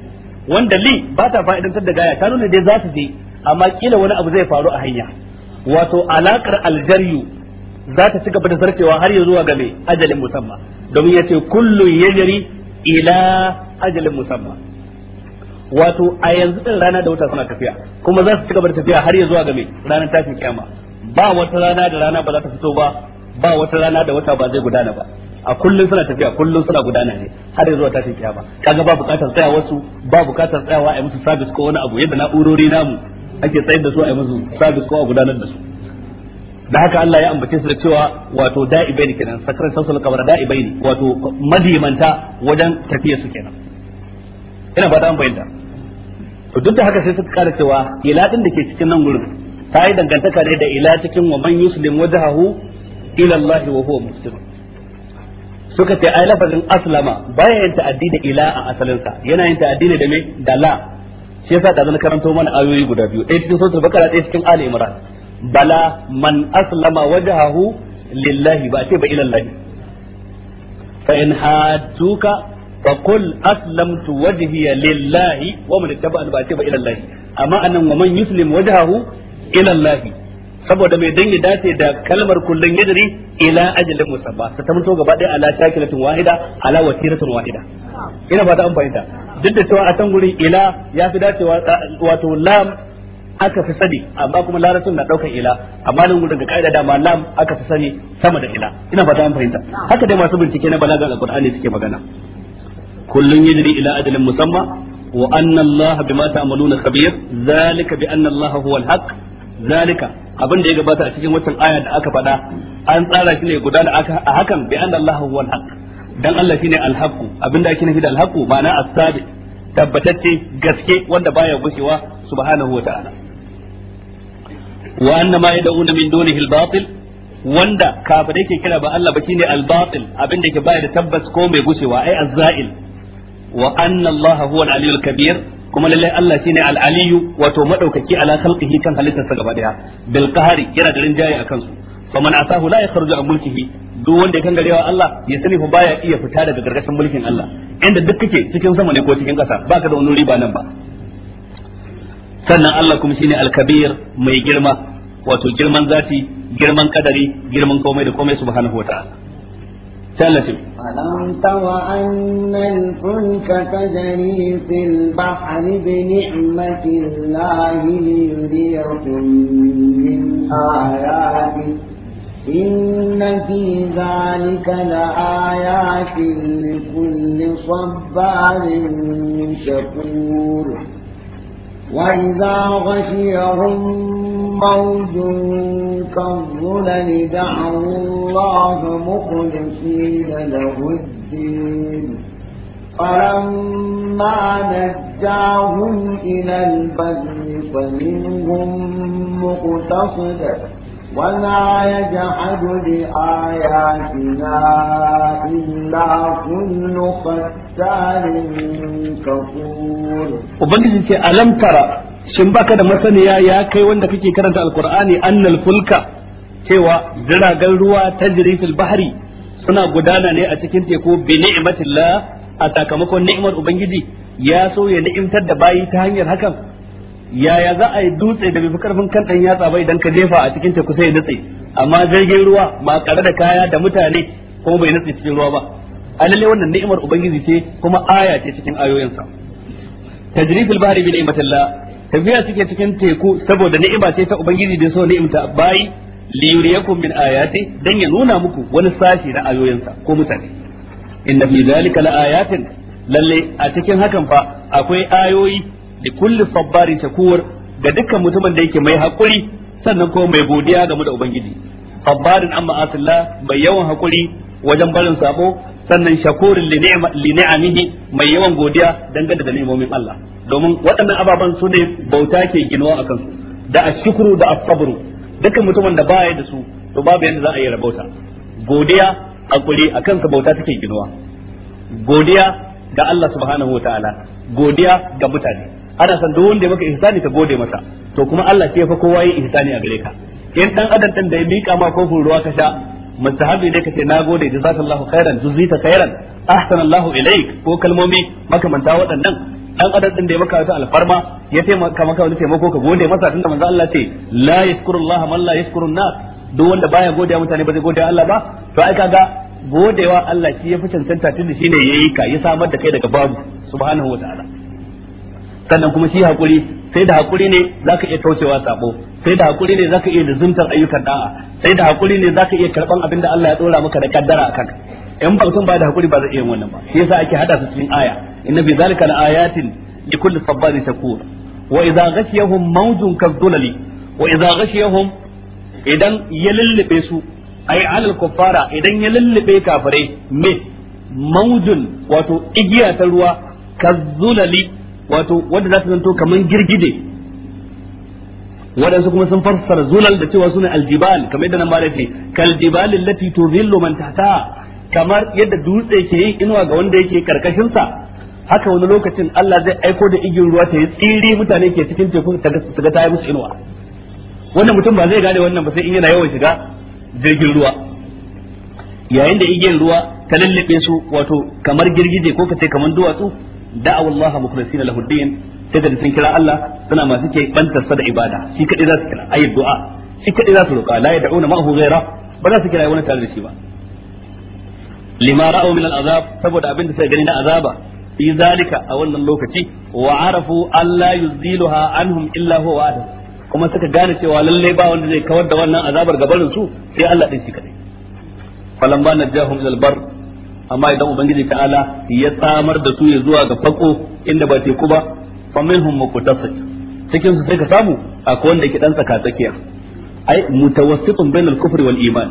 wanda li ba ta fa'idantar da gaya ta nuna dai za su je amma kila wani abu zai faru a hanya wato alakar aljaryu za ta ci gaba da zartewa har ya zuwa ga mai ajalin musamma domin ya ce ya yajri ila ajalin musamma wato a yanzu din rana da wata suna tafiya kuma za su ci gaba da tafiya har ya zuwa ga mai ranar tashin kiyama ba wata rana da rana ba za ta fito ba ba wata rana da wata ba zai gudana ba a kullun suna tafiya kullun suna gudana ne har zuwa tashin kiyama kaga ba bukatar tsaya wasu ba bukatar tsayawa a yi musu sabis ko wani abu yadda na'urori namu ake tsayar da su a yi musu sabis ko a gudanar da su da haka Allah ya ambace su da cewa wato da'ibai ne kenan sakar sausul kabar da'ibai ne wato madimanta wajen tafiya su kenan ina ba ta an bayyana to duk da haka sai suka kara cewa ila din da ke cikin nan gurin ta yi dangantaka ne da ila cikin wa man yuslim wajhahu ila Allah wa huwa muslim suka ce ai lafazin aslama baya yin ta'addi da ila a asalinsa yana yin ta'addi ne da me da la shi yasa da zan karanto mana ayoyi guda biyu ɗaya cikin suratul Bakara, ɗaya cikin ali imran bala man aslama wajhahu lillahi ba ce ba ilallahi fa in hatuka fa qul aslamtu wajhiya lillahi wa man ittaba'ani ba ce ba ilallahi amma anan wa man yuslim wajhahu ilallahi saboda mai dangi dace da kalmar kullun yadri ila ajalin musamma ta tamto gaba ɗaya ala shakilatin wahida ala wasiratin wahida ina ba ta an fahimta duk da cewa a can gurin ila ya fi dacewa wato lam aka fi sani amma kuma larabcin na daukan ila amma nan gudun ga kaida da ma lam aka fi sani sama da ila ina fata an fahimta haka dai masu bincike na balaga alqur'ani suke magana kullun yajri ila ajalin musamma wa anna Allah bima ta'maluna khabir zalika bi anna Allah huwa al zalika abin da ya gabata a cikin watan aya da aka faɗa an tsara shi ne da aka a hakan bi anna Allah huwa al dan Allah shine al-haq abinda ake nufi da al-haq ma'ana as-sabit tabbatacce gaske wanda baya gushewa subhanahu wa ta'ala wa anna ma yad'una min dunihi al-batil wanda kafirai ke kira ba Allah ba shine al-batil abinda ke baya da tabbas ko mai gushewa ai az-za'il wa anna Allah huwa al kabir kuma lallai Allah shine al-aliyyu wato madaukaki ala khalqihi kan halittarsa gaba daya bil qahari yana da rinjaye akan su faman asahu la yakhruju an mulkihi duk wanda ya kangarewa Allah ya sani fa baya iya fita daga gargashin mulkin Allah inda duk kake cikin sama ne ko cikin kasa baka da wani riba nan ba sannan Allah kuma shine al-kabir mai girma wato girman zati girman kadari girman komai da komai subhanahu wa ta'ala ثالثا ألم تر أن الفلك تجري في البحر بنعمة الله ليريكم من آياته إن في ذلك لآيات لكل صبار شكور وإذا غشيهم موج كالظلل دعوا الله مخلصين له الدين فلما نجاهم إلى البر فمنهم مقتصد وما يجحد بآياتنا إلا كل ختار كفور وبنجد ألم ترى shin baka da masaniya ya kai wanda kake karanta alqur'ani annal fulka cewa jiragen ruwa ta fil bahri suna gudana ne a cikin teku bi ni'matillah a sakamakon ni'imar ubangiji ya so ya ni'imtar da bayi ta hanyar hakan yaya za a yi dutse da bai karfin kan dan yatsa ba idan ka jefa a cikin teku sai ya dutse amma jirgin ruwa ba kare da kaya da mutane kuma bai nutse cikin ruwa ba lalle wannan ni'imar ubangiji ce kuma aya ce cikin ayoyinsa tajrifil bahri bi ni'matillah tafiya suke cikin teku saboda ni'ima ce ta ubangiji da so ni'imta bai li min ayati dan ya nuna muku wani sashi na ayoyinsa ko mutane inna fi zalika la ayatin lalle a cikin hakan fa akwai ayoyi da kulli sabbarin shakur ga dukkan mutumin da yake mai hakuri sannan kuma mai godiya ga mu da ubangiji sabbarin amma asilla mai yawan hakuri wajen barin sabo sannan shakurin li ni'amihi mai yawan godiya dangane da ni'imomin Allah domin waɗannan ababan su ne bauta ke ginuwa akan su da ashkuru da asabru dukkan mutumin da baya da su to babu yanda za a yi rabauta godiya a kuri akan sa bauta take ginuwa godiya ga Allah subhanahu wataala godiya ga mutane ana san duk wanda ya maka ihsani ka gode masa to kuma Allah ke fa kowa yi ihsani a gare ka in dan adam da ya mika ma kofin ruwa ka sha mustahabi ne kace nagode jazakallahu khairan juzita khairan ahsanallahu ilaik ko kalmomi makamanta waɗannan dan adam din da ya maka wata alfarma ya taimaka maka wani taimako ka gode masa tunda manzo Allah ce la yashkurullaha man la yashkurun nas duk wanda baya godiya mutane ba zai godiya Allah ba to ai kaga godewa Allah shi ya fi cancanta tunda shine yayi ka ya samar da kai daga babu subhanahu wataala sannan kuma shi hakuri sai da hakuri ne zaka iya kaucewa sabo sai da hakuri ne zaka iya zuntar ayyukan da'a sai da hakuri ne zaka iya karban abin da Allah ya dora maka da kaddara akan in ba mutum ba da hakuri ba zai iya wannan ba shi yasa ake hada su cikin aya inna bi zalika li kulli sabarin takur wa idza ghashiyahum mawjun kadhulali wa idza ghashiyahum idan ya lullube su ai alal kuffara idan ya lullube kafirai me mawjun wato igiya ta ruwa kadhulali wato wanda za ta zanto kaman girgide waɗansu kuma sun fassara zulal da cewa suna aljibal kamar yadda nan ma ce kaljibal lati tuzillu man tahta kamar yadda dutse ke yin inuwa ga wanda yake karkashin sa haka wani lokacin Allah zai aiko da igin ruwa ta yi tsiri mutane ke cikin teku ta ga ta yi musu inuwa wannan mutum ba zai gane wannan ba sai in yana yawan shiga jirgin ruwa yayin da igiyar ruwa ta lallabe su wato kamar girgije ko ka ce kamar duwatsu da'aw Allah mukhlisina lahu din sai da sun kira Allah suna masu ke bantar sa da ibada shi kadai za su kira ayi du'a shi kadai za su roka la yad'una ma'ahu ghaira ba za su kira wani tare da shi ba lima ra'aw min al'azab saboda abin da suka gani na azaba fi zalika a wannan lokaci wa arafu alla yuzdiluha anhum illa huwa adam kuma suka gane cewa lalle ba wanda zai kawar da wannan azabar gabarin su sai Allah din shi kadai falamma najahum ila albar amma idan ubangiji ta'ala ya tsamar da su ya zuwa ga fako inda ba teku ba faminhum muqtasid cikin su sai ka samu akwai wanda ke dan tsaka tsakiya ai mutawassitun bainal kufri wal iman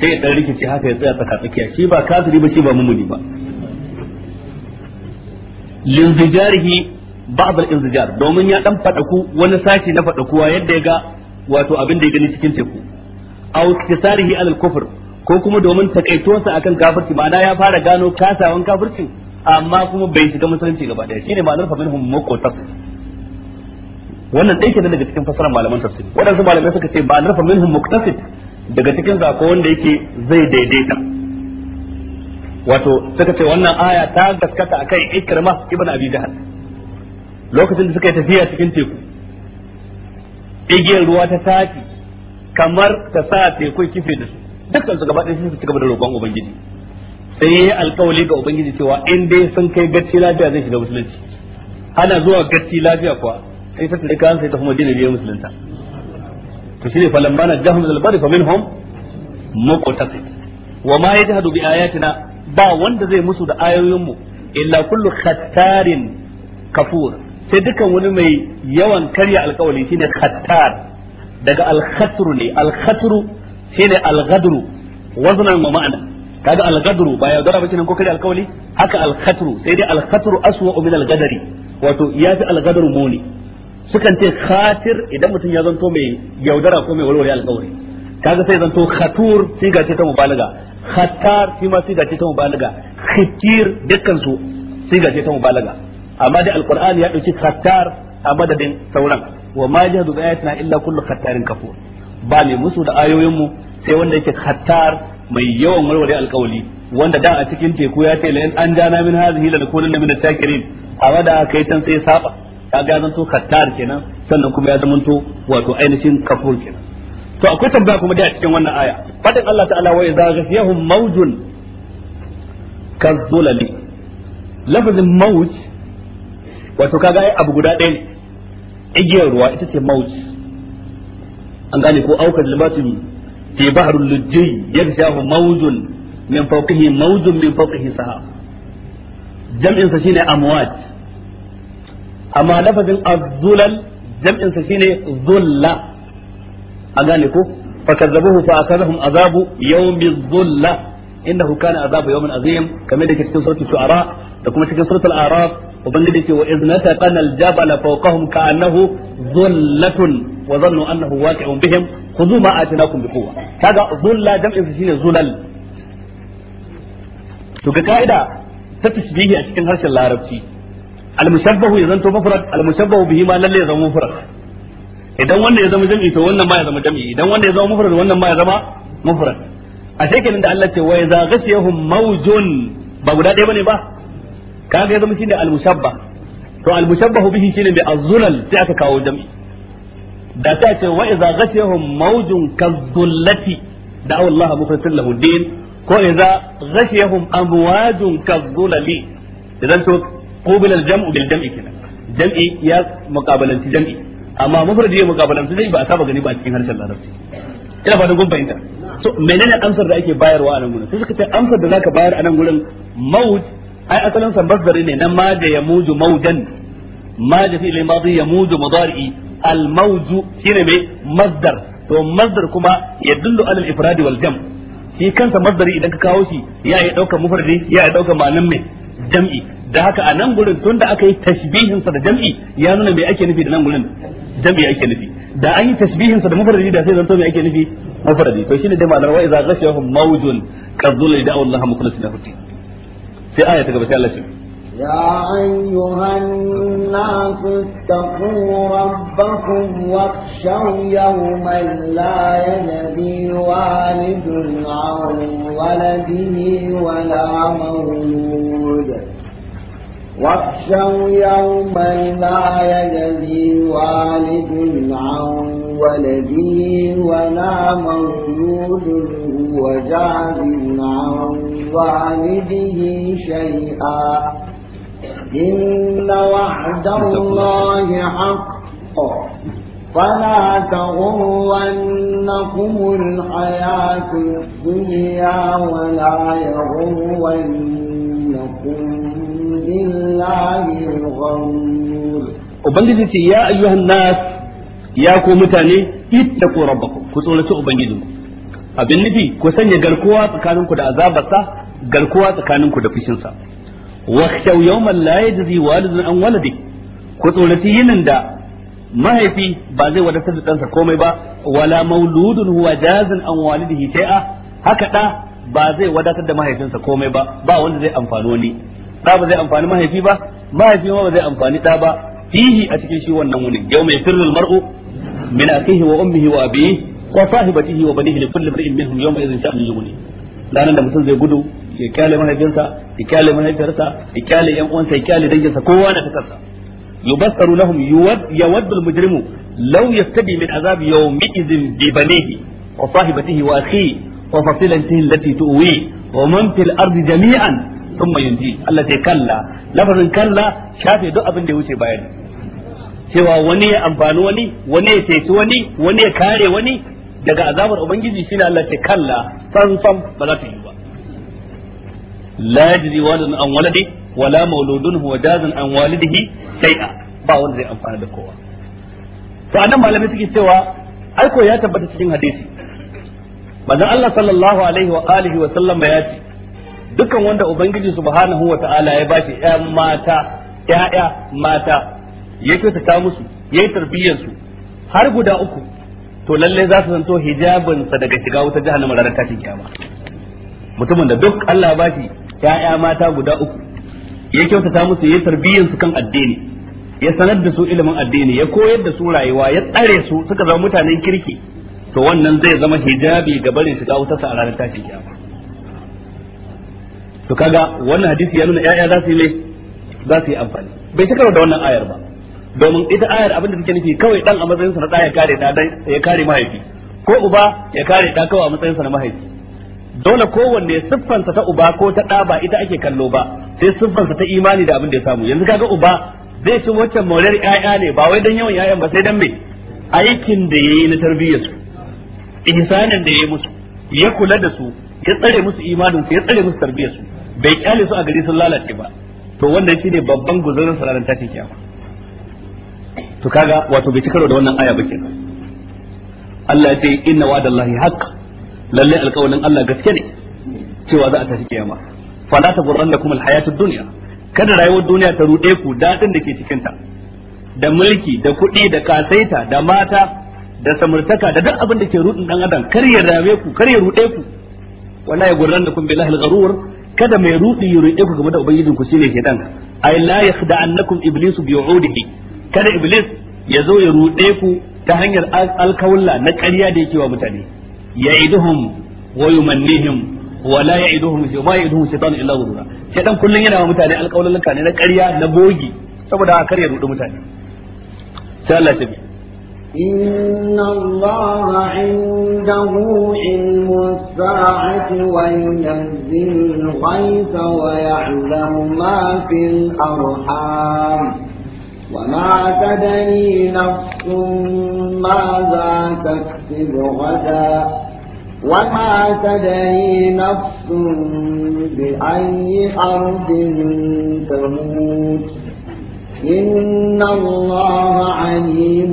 sai dan rikici haka ya tsaya tsaka tsakiya shi ba kafiri ba shi ba mumuni ba linzijarihi ba'd al-inzijar domin ya dan fadaku wani sashi na fadakuwa yadda ya ga wato abin da ya gani cikin teku aw iktisarihi al-kufr ko kuma domin takaitonsa akan kafirci ma'ana ya fara gano kasawan kafircin amma kuma bai shiga musulunci gaba ɗaya shine ma'anar fa minhum muqtas wannan dai kenan daga cikin fasarar malaman tafsir waɗansu malamai suka ce ma'anar fa minhum muqtas daga cikin zako wanda yake zai daidaita wato suka ce wannan aya ta gaskata akan ikrama ibn abi jahal lokacin da suka yi tafiya cikin teku igiyar ruwa ta tafi kamar ta sa teku kife da su dukkan su gaba ɗaya sun ci da roƙon ubangiji sai yi alkawali ga ubangiji cewa in dai sun kai gacci lafiya zai shiga musulunci ana zuwa gacci lafiya kuwa sai ta da kan sai ta kuma dina biyan musulunta to shine falamma na jahum zalbari fa minhum muqtasid wa ma yajhadu bi ayatina ba wanda zai musu da ayoyin mu illa kullu khattarin kafur sai dukkan wani mai yawan karya alkawali shine khattar daga al-khatru ne al-khatru shine al-ghadru waznan wa ma'ana kaga al ba yaudara ba kenan ko kada alkawali haka al sai dai al-khatru aswa min wato yafi fi ghadru muni sukan ce khatir idan mutum ya zanto mai yaudara ko mai walwale alkawari kaga sai zanto khatur siga ce ta mubalaga khatar shi ma siga ce ta mubalaga khitir dukkan su siga ce ta mubalaga amma da alqur'ani ya dauki khatar a madadin sauran wa ma jahadu bi ayatina illa kullu khatarin kafur ba mai musu da ayoyinmu sai wanda yake khattar mai yawan warware alkawali wanda da a cikin teku ya ce la in an jana min hadhihi la nakunanna min at-takirin amma da aka tan sai saba kaga ya to khattar kenan sannan kuma ya zamanto wato ainihin kafur kenan to akwai tambaya kuma da a cikin wannan aya fadin Allah ta'ala wa idza ghashiyahum mawjun kadhulali lafazin mawj wato kaga ai abu guda ɗaya ne igiyar ruwa ita ce mawj an gane ko aukar libatin fi bahrul lujji yakshahu mawjun min fawqihi mawjun min fawqihi saha. jam'in sa shine amwat amma lafazin az-zulal jam'in sa shine zulla an gane ko fakazzabuhu fa akazahum azabu yawmi dhulla innahu kana azabu yawmin azim kamar da ke cikin sautin shu'ara da kuma cikin suratul araf ubangiji ce wa iznata qanal jabala fawqahum ka'annahu dhullatun wa zannu. annahu waqi'un bihim khudhu ma atinakum biquwwa kaga dhulla jam'in shine zulal to ga kaida ta tashbihi a cikin harshen larabci al-mushabbahu ya zanto mufrad al-mushabbahu bihi ma lalle ya zama mufrad idan wanda ya zama jam'i to wannan ba ya zama jam'i idan wanda ya zama mufrad wannan ba ya zama mufrad a shekelin da Allah ce wa idza ghashiyahum mawjun ba guda ɗaya bane ba kaga ya zama shine al-mushabbah to al-mushabbah bihi shine bi az-zulal sai aka kawo jam'i da ta ce wa idza ghashahum mawjun kadhullati da'u Allah mukhlishan lahu din ko idza ghashahum amwajun kadhulali idan to qubila al-jam'u bil jam'i kenan jam'i ya muqabalanci jam'i amma mufradi ya muqabalanci jam'i ba a saba gani ba a cikin harshen larabci ina fatan kun fahimta so menene amsar da ake bayarwa a nan gurin sai suka ce amsar da zaka bayar a nan gurin mawj ai asalin san masdari ne na ma da yamuju maujan ma da fi'il ya yamuju mudari al mauju shine mai masdar to masdar kuma yadullu alal ifradi wal jam shi kansa masdari idan ka kawo shi ya yi dauka mufradi ya yi dauka ma'anan mai jam'i da haka a nan gurin tunda aka yi tashbihin sa da jam'i ya nuna me ake nufi da nan gurin jam'i ake nufi da an yi tashbihin sa da mufradi da sai zanto me ake nufi mufradi to shine dai ma'anar wa idza ghashiyahum mawjun kadhul da'u Allah mukhlisina lahu sai aya ta gaba sai يا أيها الناس اتقوا ربكم واخشوا يوما لا يجزي والد عن ولده ولا مولود واخشوا يوما لا يجزي والد عن ولدي ولا مولود هو عن والده شيئا إن وعد الله حق فلا تغرنكم الحياة الدنيا ولا يغرنكم بالله الغرور وبلدتي يا أيها الناس ya ko mutane ittaqu rabbakum ku tsoraci ubangijinku abin nufi ku sanya garkuwa tsakaninku da azabarsa garkuwa tsakaninku da fushinsa khaw yawman la yajzi walidun an waladi ku tsoraci yinin da mahaifi ba zai wadatar da ɗansa komai ba wala mauludun huwa jazin an walidihi shay'a haka da ba zai wadatar da mahaifinsa komai ba ba wanda zai amfano ni da ba zai amfani mahaifi ba mahaifi ma ba zai amfani da ba fihi a cikin shi wannan wuni yau mai sirrul mar'u min akhihi wa ummihi wa abihi wa sahibatihi wa banihi li kulli imrin minhum yawma idhin sha'nu yughni ranan da mutum zai gudu ya kyale mahaifinsa ya kyale mahaifiyarsa ya kyale yan uwansa ya kyale danginsa kowa na kasarsa yubassaru lahum yawaddu al-mujrimu law yaftadi min azab yawmi idhin bi banihi wa sahibatihi wa akhihi wa fasilatihi allati tuwi wa man fil ardi jami'an thumma yunji Allah kalla lafazin kalla shafe duk abin da ya wuce bayan cewa wani ya amfani wani wani ya ceci wani wani ya kare wani daga azabar ubangiji shine Allah ce kalla sansan ba za ta yi ba la yajri walidun an waladi wala mauludun huwa jazan an walidihi sai'a ba wanda zai amfana da kowa to anan malamai suke cewa aiko ya tabbata cikin hadisi manzon Allah sallallahu alaihi wa alihi wa sallam ya ce dukkan wanda ubangiji subhanahu wa ta'ala ya bashi ƴan mata ƴaƴa mata ya kyautata musu ya yi tarbiyyar har guda uku to lalle za su zanto hijabin sa daga shiga wuta jahannama ranar tashin kiyama mutumin da duk Allah ba shi ya'ya mata guda uku ya kyautata musu ya yi tarbiyyar su kan addini ya sanar da su ilimin addini ya koyar da su rayuwa ya tsare su suka zama mutanen kirki to wannan zai zama hijabi ga barin shiga wuta sa a ranar tashin kiyama to kaga wannan hadisi ya nuna ya'ya za su yi amfani bai ci da wannan ayar ba domin ita ayar abin da take nufi kawai dan a matsayin sa na ya kare da ya kare mahaifi ko uba ya kare da kawai a matsayin sa na mahaifi dole kowanne siffansa ta uba ko ta da ba ita ake kallo ba sai siffansa ta imani da abin da ya samu yanzu kaga uba zai ci waccan morar ƴaƴa ne ba wai dan yawan ƴaƴan ba sai dan me aikin da yayi na tarbiyyarsu, su ihsanin da yayi musu ya kula da su ya tsare musu imanin su ya tsare musu tarbiyyarsu bai kyale su a gari sun lalace ba to wannan shine babban guzurin sa ranar kiyama to kaga wato bai cikaro da wannan aya ba kenan Allah ya ce inna wa'dallahi haqq lalle alƙawarin Allah gaske ne cewa za a tashi kiyama fala taghurrannakum alhayatud dunya kada rayuwar duniya ta rude ku dadin da ke cikinta da mulki da kuɗi da kasaita da mata da samartaka da duk abin da ke rudin dan adam kar ya rame ku kar ya rude ku wala ya gurrannakum billahi algharur kada mai rudi ya rude ku game da ubangijin ku shine shedan ay la yakhda'annakum iblisu bi yu'udihi kada iblis ya zo ya ruɗe ku ta hanyar alkawulla na ƙarya da yake wa mutane ya iduhum wa yumannihim wa la ya iduhum shi ma ya iduhum shaitan illa gurura shaitan kullun yana wa mutane alkawullanka ne na ƙarya na bogi saboda haka kar ya ruɗe mutane sai Allah ta bi إن الله عنده علم الساعة وينزل الغيث ويعلم ما في الأرحام وما تدري نفس ماذا تكسب غدا وما تدري نفس بأي أرض تموت إن الله عليم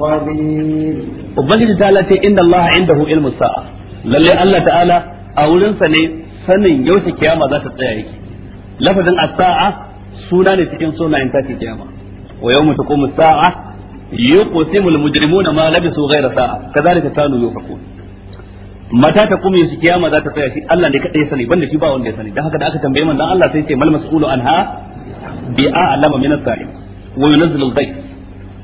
خبير وبجد تعالى إن الله عنده علم الساعة للي الله تعالى أولن سنة سنة يوشي كياما ذات الطيائك لفظ الساعة سنة تكين سنة انتاك كياما wa yawma taqumu sa'a yuqsimu al-mujrimuna ma labisu ghayra sa'a kadhalika kanu yufakun mata ta kuma su kiyama za ta tsaya shi Allah ne kadai sani banda shi ba wanda ya sani dan haka da aka tambaye manzon Allah sai ce mal mas'ulu anha bi a'lama min as-sa'il wa yunzilu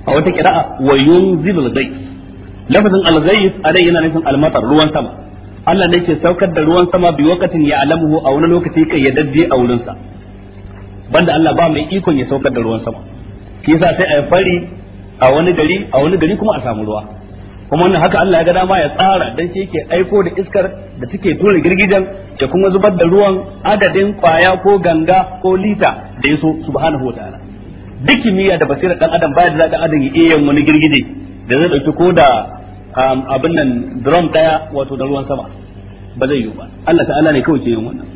a wata qira'a wa yunzilu al-ghayth yana nufin al ruwan sama Allah ne ke saukar da ruwan sama bi ya ya'lamuhu a wani lokaci dadde a wurin sa banda Allah ba mai ikon ya saukar da ruwan sama shi yasa sai a yi fari a wani gari a wani gari kuma a samu ruwa kuma wannan haka Allah ya ga dama ya tsara dan shi yake aiko da iskar da take tura girgijen ya kuma zubar da ruwan adadin kwaya ko ganga ko lita da yaso subhanahu wataala duk kimiyya da basirar dan adam baya da zaka adam ya iya wani girgije da zai dauki ko da um, abin nan drum daya wato da ruwan sama ba zai yiwu ba Allah ta'ala ne kawai ce yin wannan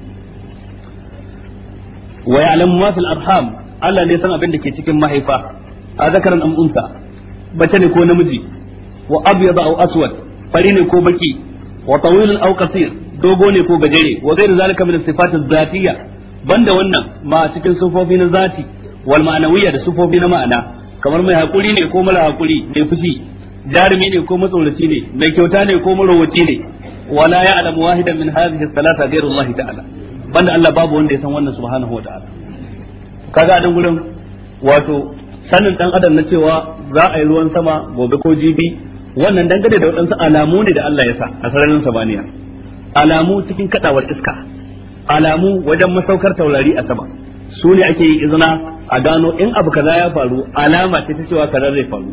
wa ya'lamu ma fil arham Allah ne san abin da ke cikin mahaifa a zakaran am unsa bace ne ko namiji wa abyad aw aswad fari ne ko baki wa tawil aw qasir dogo ne ko gajere wa ghayr zalika min sifatiz zatiyya banda wannan ma cikin sufofi na zati wal ma'anawiyya da sufofi na ma'ana kamar mai hakuri ne ko mara hakuri mai fushi jarumi ne ko matsoraci ne mai kyauta ne ko marowaci ne wala ya'lamu wahidan min hadhihi salata ghayru Allah ta'ala banda Allah babu wanda ya san wannan subhanahu wa ta'ala kaga a nan gurin wato sanin dan adam na cewa za a yi ruwan sama gobe ko jibi wannan dangane da waɗansu alamu ne da Allah ya sa a sararin samaniya alamu cikin kaɗawar iska alamu wajen masaukar taurari a sama su ne ake yi izina a gano in abu kaza ya faru alama ce ta cewa kaza zai faru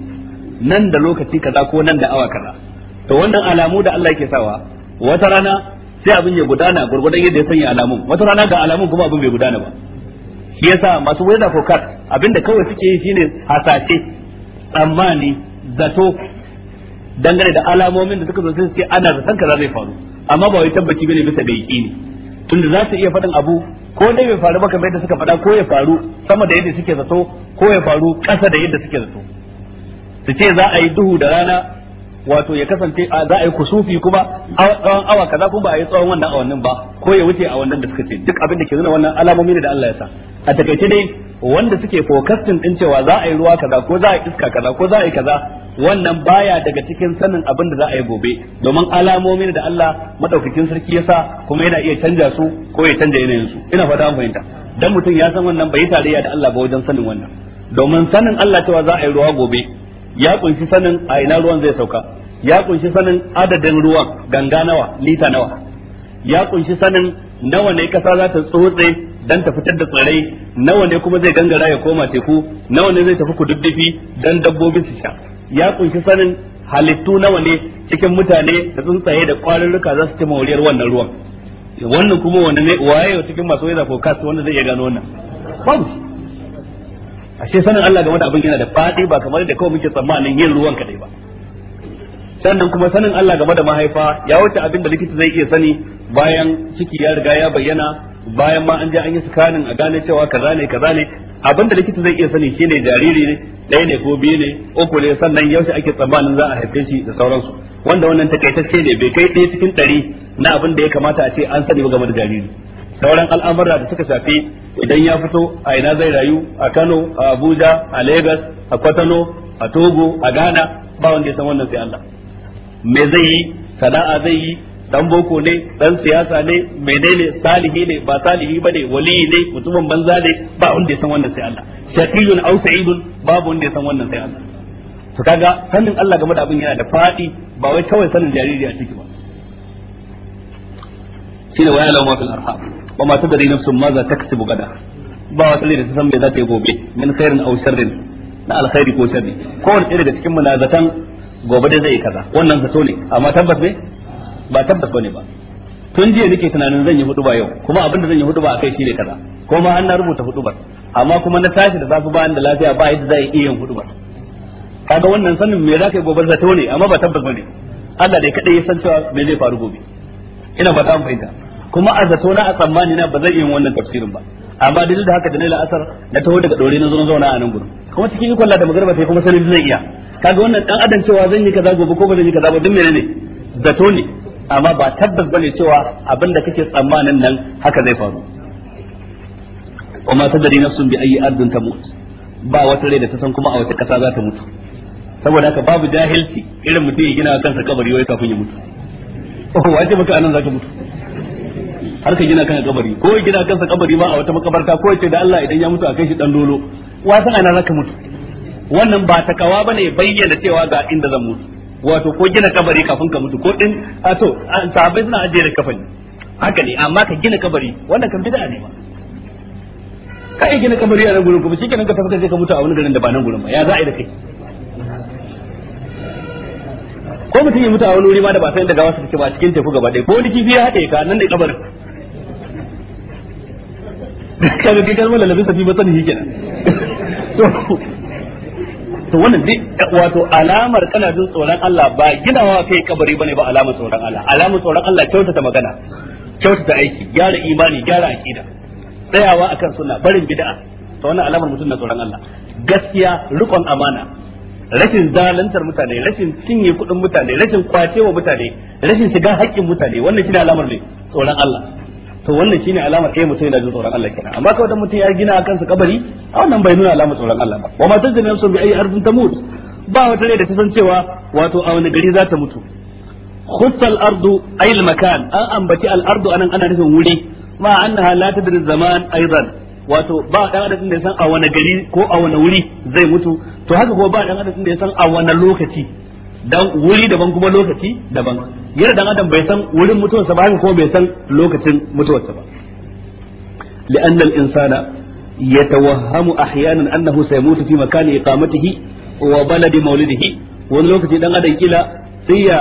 nan da lokaci kaza ko nan da awa kaza to wannan alamu da Allah yake sawa wata rana sai abin ya gudana gurgudan yadda ya sanya alamun wata rana ga alamun kuma abin bai gudana ba shi yasa masu weather forecast abinda kawai suke yi shine hasashe tsammani zato dangane da alamomin da suka zo sai suke ana zaton kaza zai faru amma ba wai tabbaci bane bisa da yaqini tunda za su iya faɗin abu ko dai bai faru ba kamar yadda suka faɗa ko ya faru sama da yadda suke zato ko ya faru ƙasa da yadda suke zato su ce za a yi duhu da rana wato ya kasance a za a yi kusufi kuma tsawon awa kaza kuma ba a yi tsawon wannan awannin ba ko ya wuce a wannan da suka ce duk abin da ke nuna wannan alamomi ne da Allah ya sa a takaice dai wanda suke focusing din cewa za a yi ruwa kaza ko za a yi iska kaza ko za a yi kaza wannan baya daga cikin sanin abin da za a yi gobe domin alamomi ne da Allah madaukakin sarki ya sa kuma yana iya canja su ko ya canja yanayin su ina fata an fahimta dan mutum ya san wannan bai tarayya da Allah ba wajen sanin wannan domin sanin Allah cewa za a yi ruwa gobe ya kunshi sanin a ina ruwan zai sauka ya kunshi sanin adadin ruwan ganga nawa lita nawa ya kunshi sanin nawa ne kasa za ta tsotse dan ta fitar da tsirrai nawa ne kuma zai gangara ya koma teku nawa ne zai tafi kududdufi dan dabbobi su sha ya kunshi sanin halittu nawa ne cikin mutane da tsuntsaye da kwarurruka za su ci moriyar wannan ruwan wannan kuma wanda ne waye cikin masu ko forecast wanda zai iya gano wannan ashe sanin Allah game da abin yana da fadi ba kamar da kawai muke tsammanin yin ruwan kadai ba sannan kuma sanin Allah game da mahaifa ya wuce abin da likita zai iya sani bayan ciki ya riga ya bayyana bayan ma an je an yi sakanin a gane cewa kaza ne kaza ne abin da likita zai iya sani shine jariri ne ɗaya ne ko biyu ne uku ne sannan yaushe ake tsammanin za a haife shi da sauransu wanda wannan takaitacce ne bai kai ɗaya cikin ɗari na abin da ya kamata a ce an sani ba game da jariri sauran al'amura da suka shafi idan ya fito a ina zai rayu a Kano a Abuja a Lagos a Kwatano a Togo a Ghana ba wanda ya san wannan sai Allah me zai yi sana'a zai yi dan boko ne dan siyasa ne menene salihi ne ba salihi bane waliyi ne mutumin banza ne ba wanda ya san wannan sai Allah shaqiyun aw sa'idun babu wanda ya san wannan sai Allah to kaga sanin Allah game da abin yana da fadi ba wai kawai sanin jariri a ciki ba shine wa ya'lamu ma fil arham wa ma na nafsun ma za kasu gada ba wata da ta san me za ta yi gobe min khairin aw sharrin na alkhairi ko sharri kowanne irin daga cikin mu na zatan gobe da zai kaza wannan zato ne amma tabbas ne ba tabbas bane ba tun jiya nake tunanin zan yi ba yau kuma abin da zan yi kai akai shine kaza ko ma an na rubuta ba amma kuma na tashi da zafi bayan da lafiya ba yadda zai iya yin ba kaga wannan sanin me za ka yi gobe zato ne amma ba tabbas bane Allah dai kadai ya san cewa me zai faru gobe ina ba ta fahimta kuma a zato na a tsammani na ba zai yi wannan tafsirin ba amma duk da haka da nayi asar na taho daga dore na zo zauna a nan gurin kuma cikin ikon da magarba sai kuma sanin zai iya kaga wannan dan adam cewa zan yi kaza gobe ko ba zan yi kaza ba duk menene zato ne amma ba tabbas bane cewa abin da kake tsammanin nan haka zai faru Kuma وما bi ayi ardun ta mutu ba wata rai da ta san kuma a wata kasa za ta mutu saboda haka babu jahilci irin mutum ya gina kansa kabari wai kafin ya mutu wace baka anan zaka mutu har ka gina kan kabari ko ya gina kansa kabari ba a wata makabarta ko ya ce da Allah idan ya mutu a kai shi dan dolo wasan ana zaka mutu wannan ba takawa bane bayyana cewa ga inda zan mutu wato ko gina kabari kafin ka mutu ko din a to sahabbai suna ajiye kafani haka ne amma ka gina kabari wannan kan bid'a ne ba ka yi gina kabari a nan gurin kuma shikenan ka tafi ka ka mutu a wani garin da ba nan gurin ba ya za a yi da kai ko mutum ya mutu a wani wuri ma da ba sai daga gawa wasu take ba cikin teku gaba ɗaya ko wani kifi ya haɗe ka nan da kabarin kaga kai kalmar da labisa fi batnihi kenan to to wannan dai wato alamar kana jin tsoron Allah ba ginawa kai kabari bane ba alamar tsoron Allah alamar tsoron Allah kyautata magana kyautata aiki gyara imani gyara aqida tsayawa akan sunna barin bid'a to wannan alamar mutum na tsoron Allah gaskiya rikon amana rashin zalantar mutane rashin cinye kuɗin mutane rashin kwacewa mutane rashin shiga haƙƙin mutane wannan shine alamar ne tsoron Allah to wannan shine alamar eh mutum yana jin tsoron Allah kenan amma kawai dan mutum ya gina kansa kabari a wannan bai nuna alamar tsoron Allah ba wa ma tajri nafsun bi ayi ardin tamut ba wata ne da ta san cewa wato a wani gari za ta mutu khutta al-ardu ay al-makan an ambaci al-ardu anan ana nufin wuri ma annaha la tadri zaman aidan wato ba dan adadin da ya san a wani gari ko a wani wuri zai mutu to haka kuma ba dan adadin da ya san a wani lokaci dan wuri daban kuma lokaci daban yadda dan adam bai san wurin mutuwarsa ba ko bai san lokacin mutuwarsa ba لأن الإنسان يتوهم أحيانا أنه سيموت في مكان إقامته baladi مولده wani lokaci dan adam kila sai ya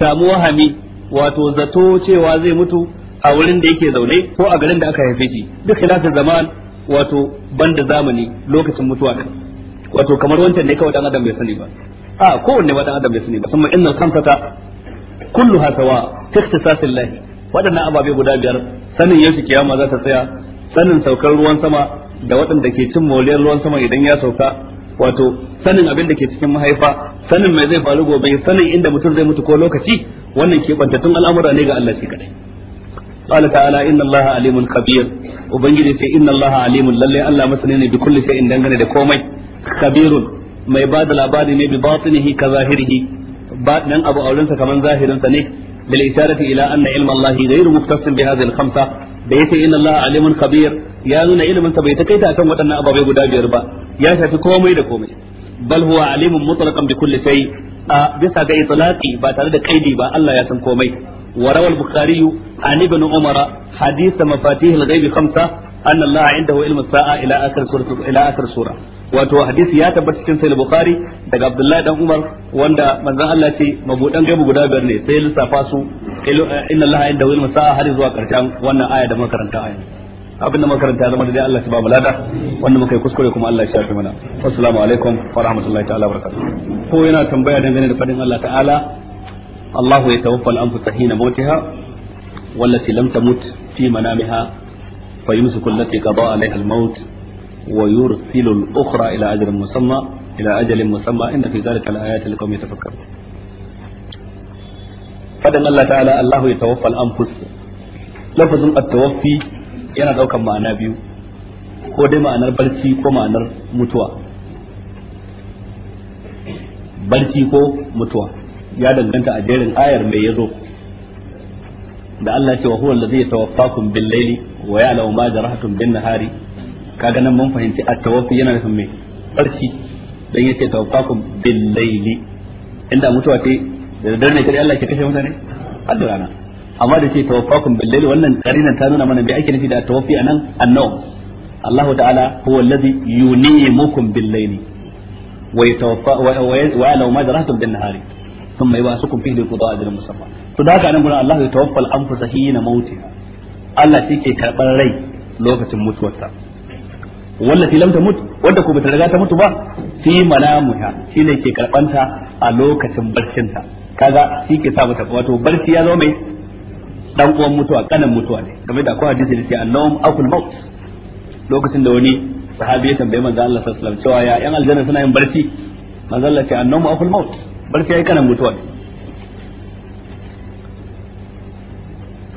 samu wahami wato zato cewa zai mutu a wurin da yake zaune ko a garin da aka haife shi duk khilafin zaman wato banda zamani lokacin mutuwa wato kamar wancan ne kawai dan adam bai sani ba a kowanne wani adam ya sani musamman innal kullu hasawa sawa fi ikhtisasillah Waɗannan ababe guda biyar sanin yaushe kiyama za ta tsaya sanin saukar ruwan sama da waɗanda ke cin moriyar ruwan sama idan ya sauka wato sanin abin da ke cikin mahaifa sanin mai zai faru gobe sanin inda mutum zai mutu ko lokaci wannan ke bantattun al'amura ne ga Allah shi kadai قال تعالى إن الله عليم خبير وبنجد إن الله عليم للي الله مثلا بكل شيء دنگنه da komai khabirun mai ba da labari ne bi batinihi ka zahirihi dan abu aurensa kaman zahirinsa ne bil isharati ila anna ilma Allah ghayru muftasin bi hadhihi al khamsa da yace inna Allah alimun khabir ya nuna ilimin sa bai takaita akan waɗannan ababai guda biyar ba ya shafi komai da komai bal huwa alimun mutlaqan bi kulli shay a bisa ga itlaqi ba tare da kaidi ba Allah ya san komai وروى البخاري عن ابن عمر حديث مفاتيح الغيب خمسة أن الله عنده علم الساعة إلى آخر سورة إلى آخر سورة wato hadisi ya tabbata cikin sahih bukhari daga abdullahi dan umar wanda manzon Allah ce mabudan gaibu guda biyar ne sai lissafa su inna allaha inda wil masaa har zuwa karshen wannan aya da makaranta aya abin da makaranta zama da dai Allah shi ba mulada wanda muka yi kuskure kuma Allah ya shafe mana assalamu alaikum wa rahmatullahi ta'ala barakatuh ko yana tambaya dangane da fadin Allah ta'ala Allahu yatawaffa al-anfusa hina mautiha wallati lam tamut fi manamiha فيمسك التي قضى عليها الموت ويرسل الأخرى إلى أجل مسمى إلى أجل مسمى إن في ذلك الآيات لقوم يتفكرون فدن الله تعالى الله يتوفى الأنفس لفظ التوفي yana daukan ma'ana biyu ko dai ma'anar barci ko ma'anar mutuwa barci ko mutuwa ya danganta a jerin ayar mai yazo da Allah ce wa huwa allazi yatawaffakum bil-laili wa ya'lamu ma jarahtum bin-nahari kaga nan mun fahimci a tawaffi yana nufin me barci dan yace tawaffakum bil layli inda mutuwa ce da dare ne Allah ke kashe mutane har da rana amma da ce tawaffakum bil layli wannan karinan ta nuna mana me ake nufi da tawaffi anan annawm Allah ta'ala huwa alladhi yunimukum bil layli wa yatawaffa wa ya'lamu ma jarahtum bin nahari thumma yubasukum fihi lil qada'i ajrin musamma to da haka nan gurin Allah ya tawaffa al anfusa hina mautiha Allah shi ke karɓar rai lokacin mutuwarta wallati lam tamut wanda ko bata riga ta mutu ba fi manamuha shine ke karbanta a lokacin barcin ta kaga shi ke sa mata wato barci ya zama mai dan uwan mutuwa kanan mutuwa ne game da akwai hadisi da ke annawm akul maut lokacin da wani sahabi ya tambaye manzo Allah sallallahu alaihi wasallam cewa ya yan aljanna suna yin barci manzo Allah ce annawm akul maut barci yayi kanan mutuwa ne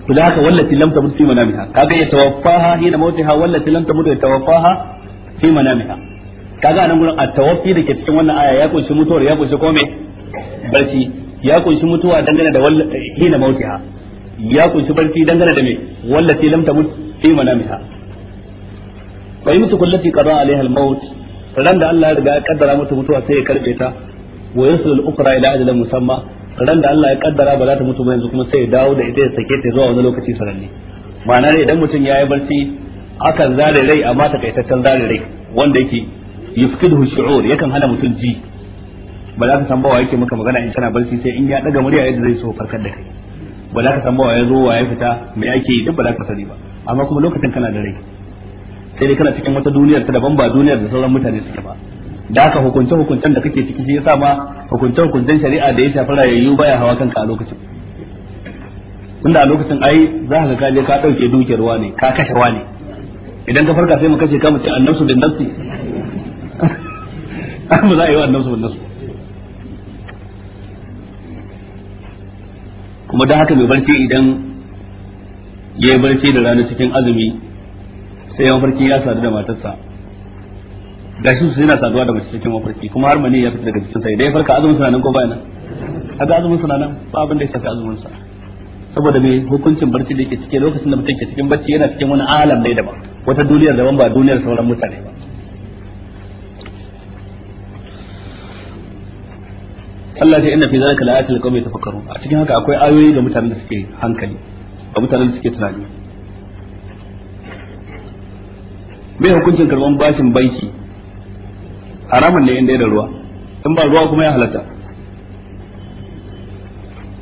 to da haka wallati lam tamut fi manamiha kaga ya tawaffaha hina mautiha wallati lam tamut ya tawaffaha fi manamiha kaga anan gurin at-tawaffi da ke cikin wannan aya ya kunshi mutuwar ya kunshi kome barci ya kunshi mutuwa dangane da hina mautiha ya kunshi barci dangane da me wallati lam tamut fi manamiha fa yumtu kullati qada alaiha al-maut da Allah ya riga ya kaddara sai ya karbe ta wa yusul al musamma ran da Allah ya kaddara ba za ta mutu ba yanzu kuma sai ya dawo da ita ya sake ta zuwa wani lokaci sananne ma'ana ne idan mutum ya yi barci akan zare rai amma takaitaccen zare rai wanda yake yufkidu shu'ur yakan hana mutum ji ba za ka san bawa yake maka magana in kana barci sai in ya daga murya yadda zai so farkar da kai ba za ka san bawa ya zo wa ya fita me yake yi duk ba za ka sani ba amma kuma lokacin kana da rai sai dai kana cikin wata duniyar ta daban ba duniyar da sauran mutane suke ba da aka hukunce hukuncen da kake ciki shi yasa ma hukunce hukuncen shari'a da ya shafi rayayyu baya hawa kanka a lokacin tunda a lokacin ai za ka kaje ka dauke dukiyar ne, ka kashe ne. idan ka farka sai mu kashe ka mu ce annabsu bin nafsi Amma za a yi wa annabsu bin nafsi kuma da haka mai barci idan ya yi barci da rana cikin azumi sai yawan farki ya sadu da matarsa gashi su yana saduwa da mace cikin mafarki kuma har mani ya fita daga cikin sai dai ya farka azumin suna nan ko bayan haka azumin suna nan ba abin da ya saka azumin sa saboda me hukuncin barci da yake cike lokacin da mutum ke cikin barci yana cikin wani alam ne daban wata duniyar daban ba duniyar sauran mutane ba Allah ya inna fi zalika la'ayatin liqaumin yatafakkarun a cikin haka akwai ayoyi ga mutanen da suke hankali ga mutanen da suke tunani me hukuncin karban bashin banki haramun ne inda ya da ruwa in ba ruwa kuma ya halatta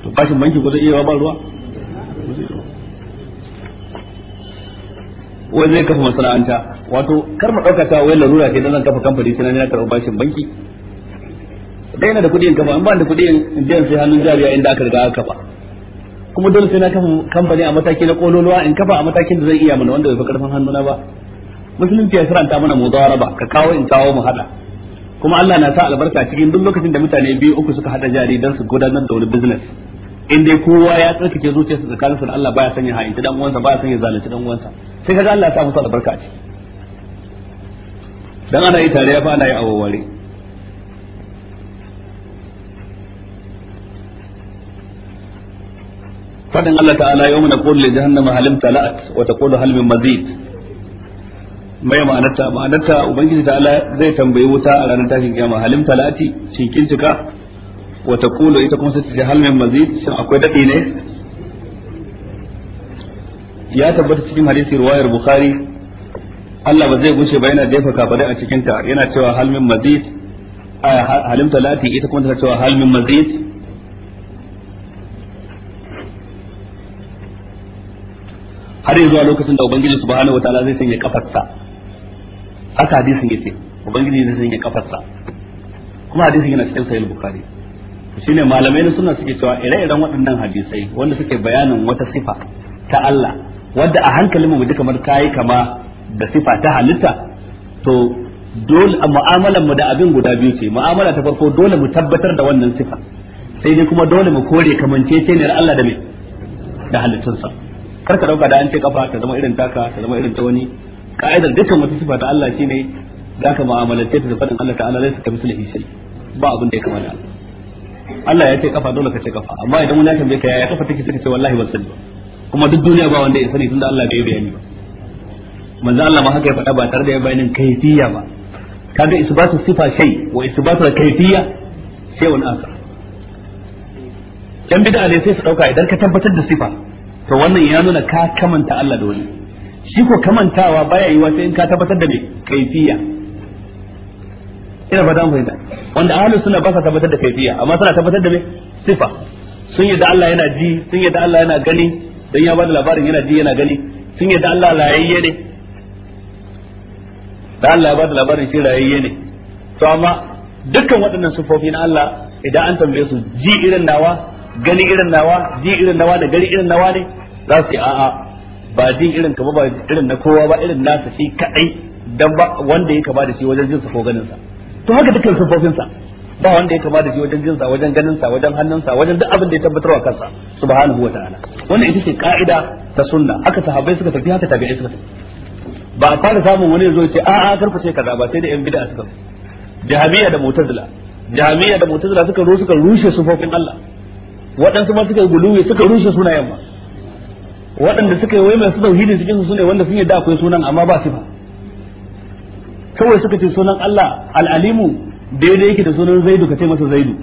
to bashin banki ko zai iya ba ruwa wai zai kafa masana'anta wato kar mu dauka ta wai larura ce dan zan kafa kamfani sai na karɓi bashin banki dai na da kuɗi kafa in ba da kuɗi in biyan sai hannun jariya inda aka riga aka kafa kuma dole sai na kafa kamfani a mataki na kololuwa in kafa a matakin da zai iya mana wanda bai fi karfin hannuna ba musulunci ya siranta mana ba ka kawo in kawo mu hada kuma Allah na sa albarka cikin duk lokacin da mutane biyu uku suka hada jari dan su gudanar da wani business in dai kowa ya tsarkake zuciyarsa tsakanin su da Allah baya sanya hayin dan uwansa baya sanya zalunci dan uwansa sai kaga Allah ya sa musu albarka ci dan ana yi tare ya fa ana yi awaware fadin Allah ta'ala yawma naqulu li jahannama halim tala'at wa taqulu hal min mazid mai ma'anarta ma'anarta ubangiji ta Allah zai tambayi wuta a ranar tashin kiyama halim talati shin kin cika wa taqulu ita kuma sai ta hal min mazid shin akwai dadi ne ya tabbata cikin hadisi riwayar bukhari Allah ba zai gushe ba yana jefa kafare a cikin ta yana cewa hal min mazid halim talati ita kuma tana cewa hal min mazid har yanzu a lokacin da ubangiji subhanahu wataala zai sanya kafarsa haka hadisin yake ubangiji ne yi kafarsa kuma hadisin yana cikin sahih bukhari shine malamai na sunna suke cewa ire-iren waɗannan hadisai wanda suke bayanin wata sifa ta Allah wadda a hankalin mu duka kamar kai kama da sifa ta halitta to dole mu'amalar mu da abin guda biyu ce mu'amala ta farko dole mu tabbatar da wannan sifa sai dai kuma dole mu kore kamanceceniyar Allah da me da halittunsa kar ka dauka da an ce kafa ta zama irin taka ta zama irin ta wani ka'idar dukkan wata sifa ta Allah shine ka mu'amalance ta da fadin Allah ta'ala laysa kamithlihi shay ba abin da ya kamata Allah ya ce kafa dole ka ce kafa amma idan wani ya tambaye ka yaya kafa take suka ce wallahi ban sani kuma duk duniya ba wanda ya sani tunda Allah bai bayani ba manzo Allah ma haka ya faɗa ba tare da ya bayanin kayfiyya ba kaga isbatu sifa shay wa isbatu kayfiyya shay wal akhar dan bid'a ne sai su dauka idan ka tabbatar da sifa to wannan ya nuna ka kamanta Allah da wani shi ko kamantawa baya yi sai in ka tabbatar da me kaifiya ina fata dan wanda ahlus sunna ba sa tabbatar da kaifiya amma suna tabbatar da me sifa sun da Allah yana ji sun da Allah yana gani dan ya bada labarin yana ji yana gani sun yi da Allah layayye ne da Allah ya bada labarin shi rayayye ne to amma dukkan waɗannan sufofi na Allah idan an tambaye su ji irin nawa gani irin nawa ji irin nawa da gari irin nawa ne za su yi a'a ba jin irin ka ba ba irin na kowa ba irin nasa shi kadai dan ba wanda ya kama da shi wajen jinsa ko ganin sa to haka dukkan sufofin sa ba wanda ya kama da shi wajen jinsa wajen ganin sa wajen hannun sa wajen duk abin da ya tabbatar wa kansa subhanahu wa ta'ala wannan ita ce ka'ida ta sunna haka sahabbai suka tafi haka tabi'ai suka tafi ba a fara samun wani zo ce a'a kar ku ce kaza ba sai da yan bid'a suka jahmiya da mu'tazila jahmiya da mu'tazila suka zo suka rushe sufofin Allah waɗansu ma suka guluwi suka rushe sunayen ma waɗanda suka yi wai su tauhidin cikin su ne wanda sun yi da akwai sunan amma ba sifa kawai suka ce sunan Allah al'alimu daidai yake da sunan zaidu ka ce masa zaidu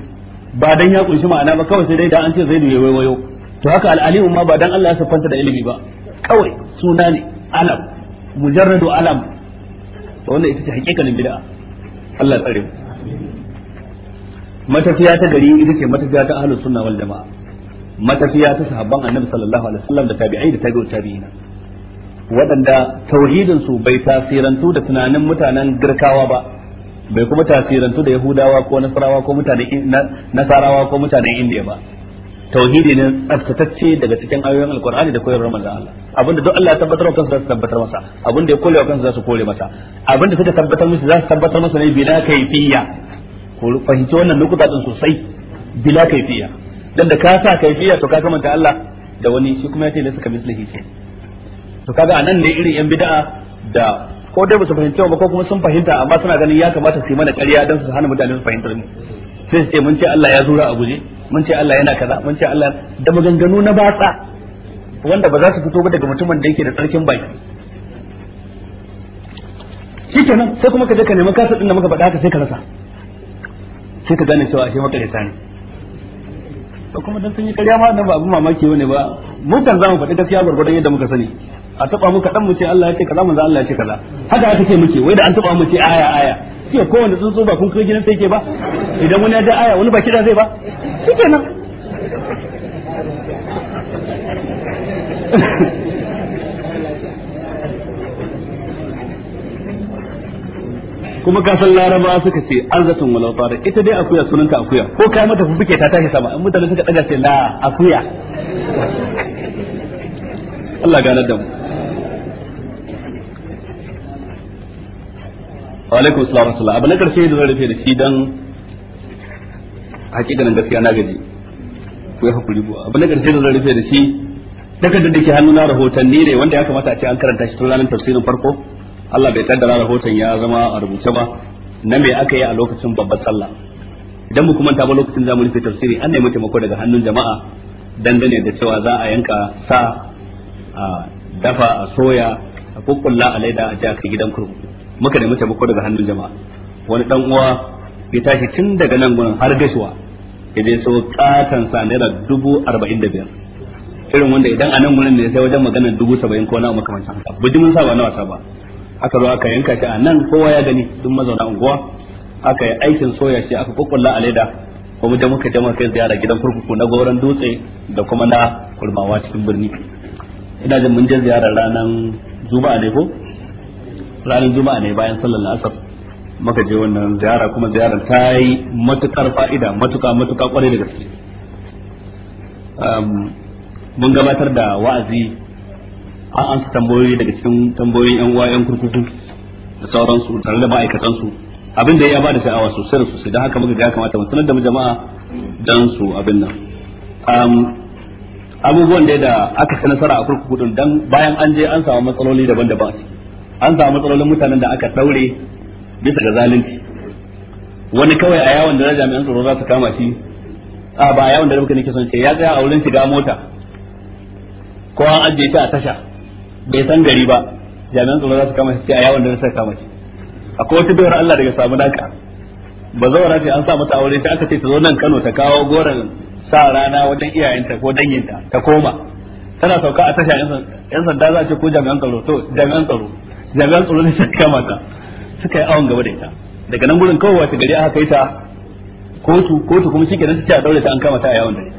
ba dan ya kunshi ma'ana ba kawai sai dai da an ce zaidu ya waiwayo to haka al'alimu ma ba dan Allah ya siffanta da ilimi ba kawai suna ne alam mujarradu alam to wannan ita ce hakikalin bid'a Allah tsare mu matafiya ta gari ita ce matafiya ta ahlus sunna wal jama'a matafiya ta sahabban annabi sallallahu alaihi wasallam da tabi'ai da tabi'ut tabi'ina waɗanda tauhidin su bai tasirantu da tunanin mutanen girkawa ba bai kuma tasirantu da yahudawa ko nasarawa ko mutanen nasarawa ko mutanen indiya ba tauhidi ne tsaftatacce daga cikin ayoyin alkur'ani da koyarwar manzo Allah abinda duk Allah ya tabbatar wa kansa za su tabbatar masa abinda ya kore wa kansa za su kore masa abinda suka tabbatar musu za su tabbatar masa ne bila kaifiya ko fahimci wannan nukuta din sosai bila kaifiya dan da ka sa biya to ka kamanta Allah da wani shi kuma yace laysa kamithlihi sai to kaga anan ne irin yan bid'a da ko dai ba su fahimci ba ko kuma sun fahimta amma suna ganin ya kamata su yi mana ƙarya dan su hana mutane su fahimtar mu sai su ce mun ce Allah ya zura a guje mun ce Allah yana kaza mun ce Allah da maganganu na batsa wanda ba za su fito ba daga mutumin da yake da tsarkin baki nan sai kuma ka je ka nemi kasa din da muka faɗa haka sai ka rasa sai ka gane cewa ashe makareta ne to kuma dan sun yi ƙarya ma dan ba abu mamaki bane ba mu kan zamu faɗi gaskiya gurgurdan yadda muka sani a taba mu kadan mu ce Allah ya ce kaza manzo Allah ya ce kaza haka aka ce muke wai da an taba mu ce aya aya ke kowanne tsuntsu ba kun kai gidan sai ke ba idan wani ya da aya wani ba kida zai ba shikenan kuma ka san laraba suka ce arzatun walau fara ita dai akuya sunanta akuya ko kai mata fufuke ta tashi sama in mutane suka daga ce la akuya Allah ganar da mu wa alaikum assalam wa rahmatullah abu na karshe da zan rufe da shi dan hakikanin gaskiya na gaji ku ya hakuri bu abu na karshe da zan rufe da shi daga da dake hannuna rahotanni ne wanda ya kamata a ce an karanta shi tun ranar tafsirin farko Allah bai kaddara rahoton ya zama a rubuce ba na me aka yi a lokacin babbar sallah idan mu kuma ta ba lokacin zamu rufe tafsiri an nemi taimako daga hannun jama'a dangane da cewa za a yanka sa a dafa a soya a kukkulla a laida a jaka gidan kurkuku muka nemi taimako daga hannun jama'a wani dan uwa ya tashi tun daga nan gurin har gashuwa ya je so katan sa naira dubu arba'in da biyar irin wanda idan a nan gurin ne sai wajen magana dubu saba'in ko na makamancin haka bujimin sa ba na wasa ba aka zo aka yanka shi a nan kowa ya gani duk mazauna unguwa aka yi aikin soya shi aka kukkulla a leda kuma da muka kai ziyara gidan kurkuku na goron dutse da kuma na kulmawa cikin birni ina jin mun je ziyara ranar juma'a ne ko ranar juma'a ne bayan sallar asar muka je wannan ziyara kuma ziyara ta yi matukar fa'ida matuka matuka kwarai da gaske mun gabatar da wa'azi an ansa tambayoyi daga cikin tambayoyin yan uwa yan kurkuku da sauransu tare da ma'aikatan su abin da ya bada sha'awa sosai da sosai don haka muka ga kamata mu sanar da mu jama'a dan su abin nan abubuwan da aka ci nasara a kurkuku din dan bayan an je an samu matsaloli daban-daban an samu matsalolin mutanen da aka daure bisa ga zalunci wani kawai a yawon da jami'an tsaro za su kama shi a ba a yawon da muka nake son ce ya tsaya a wurin shiga mota ko an ajiye ta a tasha bai san gari ba jami'an tsaro za su kama shi a yawon da na saka kama shi akwai wata dora Allah daga samu naka ba zo ce an sa mata aure sai aka ce ta zo nan Kano ta kawo goran sa rana wajen iyayenta ko danginta ta koma tana sauka a tasha yan sanda za ce ko jami'an tsaro to jami'an tsaro jami'an tsaro ne suka kama ta suka yi awon gaba da ita daga nan gurin kawai wata gari aka kai ta kotu kotu kuma shi kenan ta ce a daure ta an kama ta a yawon dare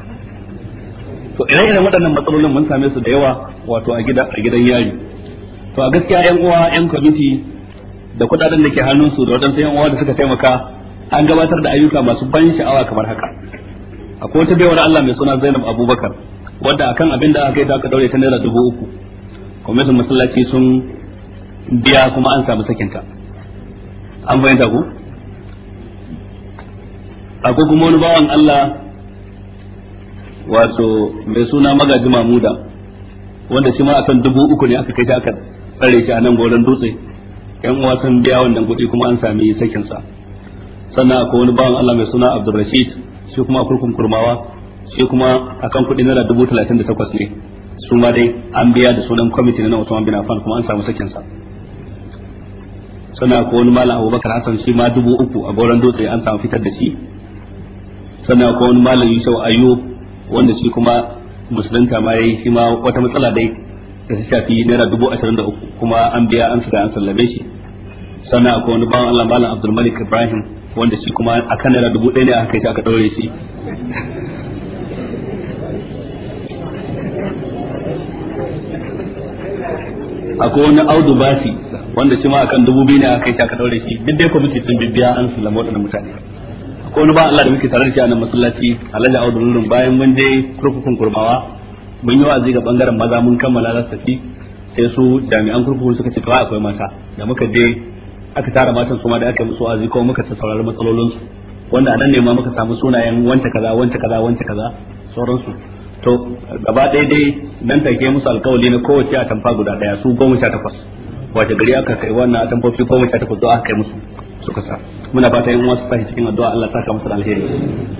to ire-iren waɗannan matsalolin mun same su da yawa wato a gida a gidan yari to a gaskiya yan uwa yan kwamiti da kudaden da ke hannun su da waɗansu yan uwa da suka taimaka an gabatar da ayyuka masu ban sha'awa kamar haka akwai wata baiwar Allah mai suna Zainab Abubakar wadda akan abin da aka yi ta aka daure ta naira dubu uku kwamitin masallaci sun biya kuma an samu sakinta an fahimta ku akwai kuma wani bawan Allah wato mai suna magaji Mamuda wanda shi ma akan dubu uku ne aka kai shi aka tsare shi a nan goren dutse yan uwa sun biya wannan kuɗi kuma an sami sakin sa sannan akwai wani bawan Allah mai suna Abdul Rashid shi kuma a kurkun kurmawa shi kuma akan kuɗi na dubu talatin da takwas ne su ma dai an biya da sunan kwamiti na Usman bin Affan kuma an samu sakin sa sannan akwai wani malam Abubakar Hassan shi ma dubu uku a goren dutse an samu fitar da shi sannan akwai wani malam Yusuf Ayub wanda shi kuma musulunta ma yayi shi ma wata matsala dai da ta shafi naira dubu ashirin da uku kuma an biya an suka an sallame shi sannan akwai wani bawan Allah malam Abdul Malik Ibrahim wanda shi kuma akan naira dubu ɗaya ne aka kai shi aka ɗaure shi akwai wani audu basi wanda shi ma akan dubu biyu ne aka kai shi aka ɗaure shi duk dai kwamiti sun bibiya an sallama waɗannan mutane Ko wani ba Allah da muke tare da shi a nan masallaci Alhaji Audu Rulun bayan mun je kurkukun kurmawa mun yi wa'azi ga bangaren maza mun kammala za su tafi sai su jami'an kurkuku suka ce ba akwai mata da muka je aka tara matan su ma da aka yi musu wa'azi kuma muka ta saurari matsalolin su wanda a nan ne ma muka samu sunayen wanta kaza wanta kaza wanta kaza sauransu to gaba ɗaya dai nan take musu alkawali na kowace tamfa guda ɗaya su goma sha takwas wace gari aka kai wannan atamfofi goma sha takwas zuwa aka kai musu suka sa muna fata yin wasu su tashi cikin addu'a Allah saka musu alheri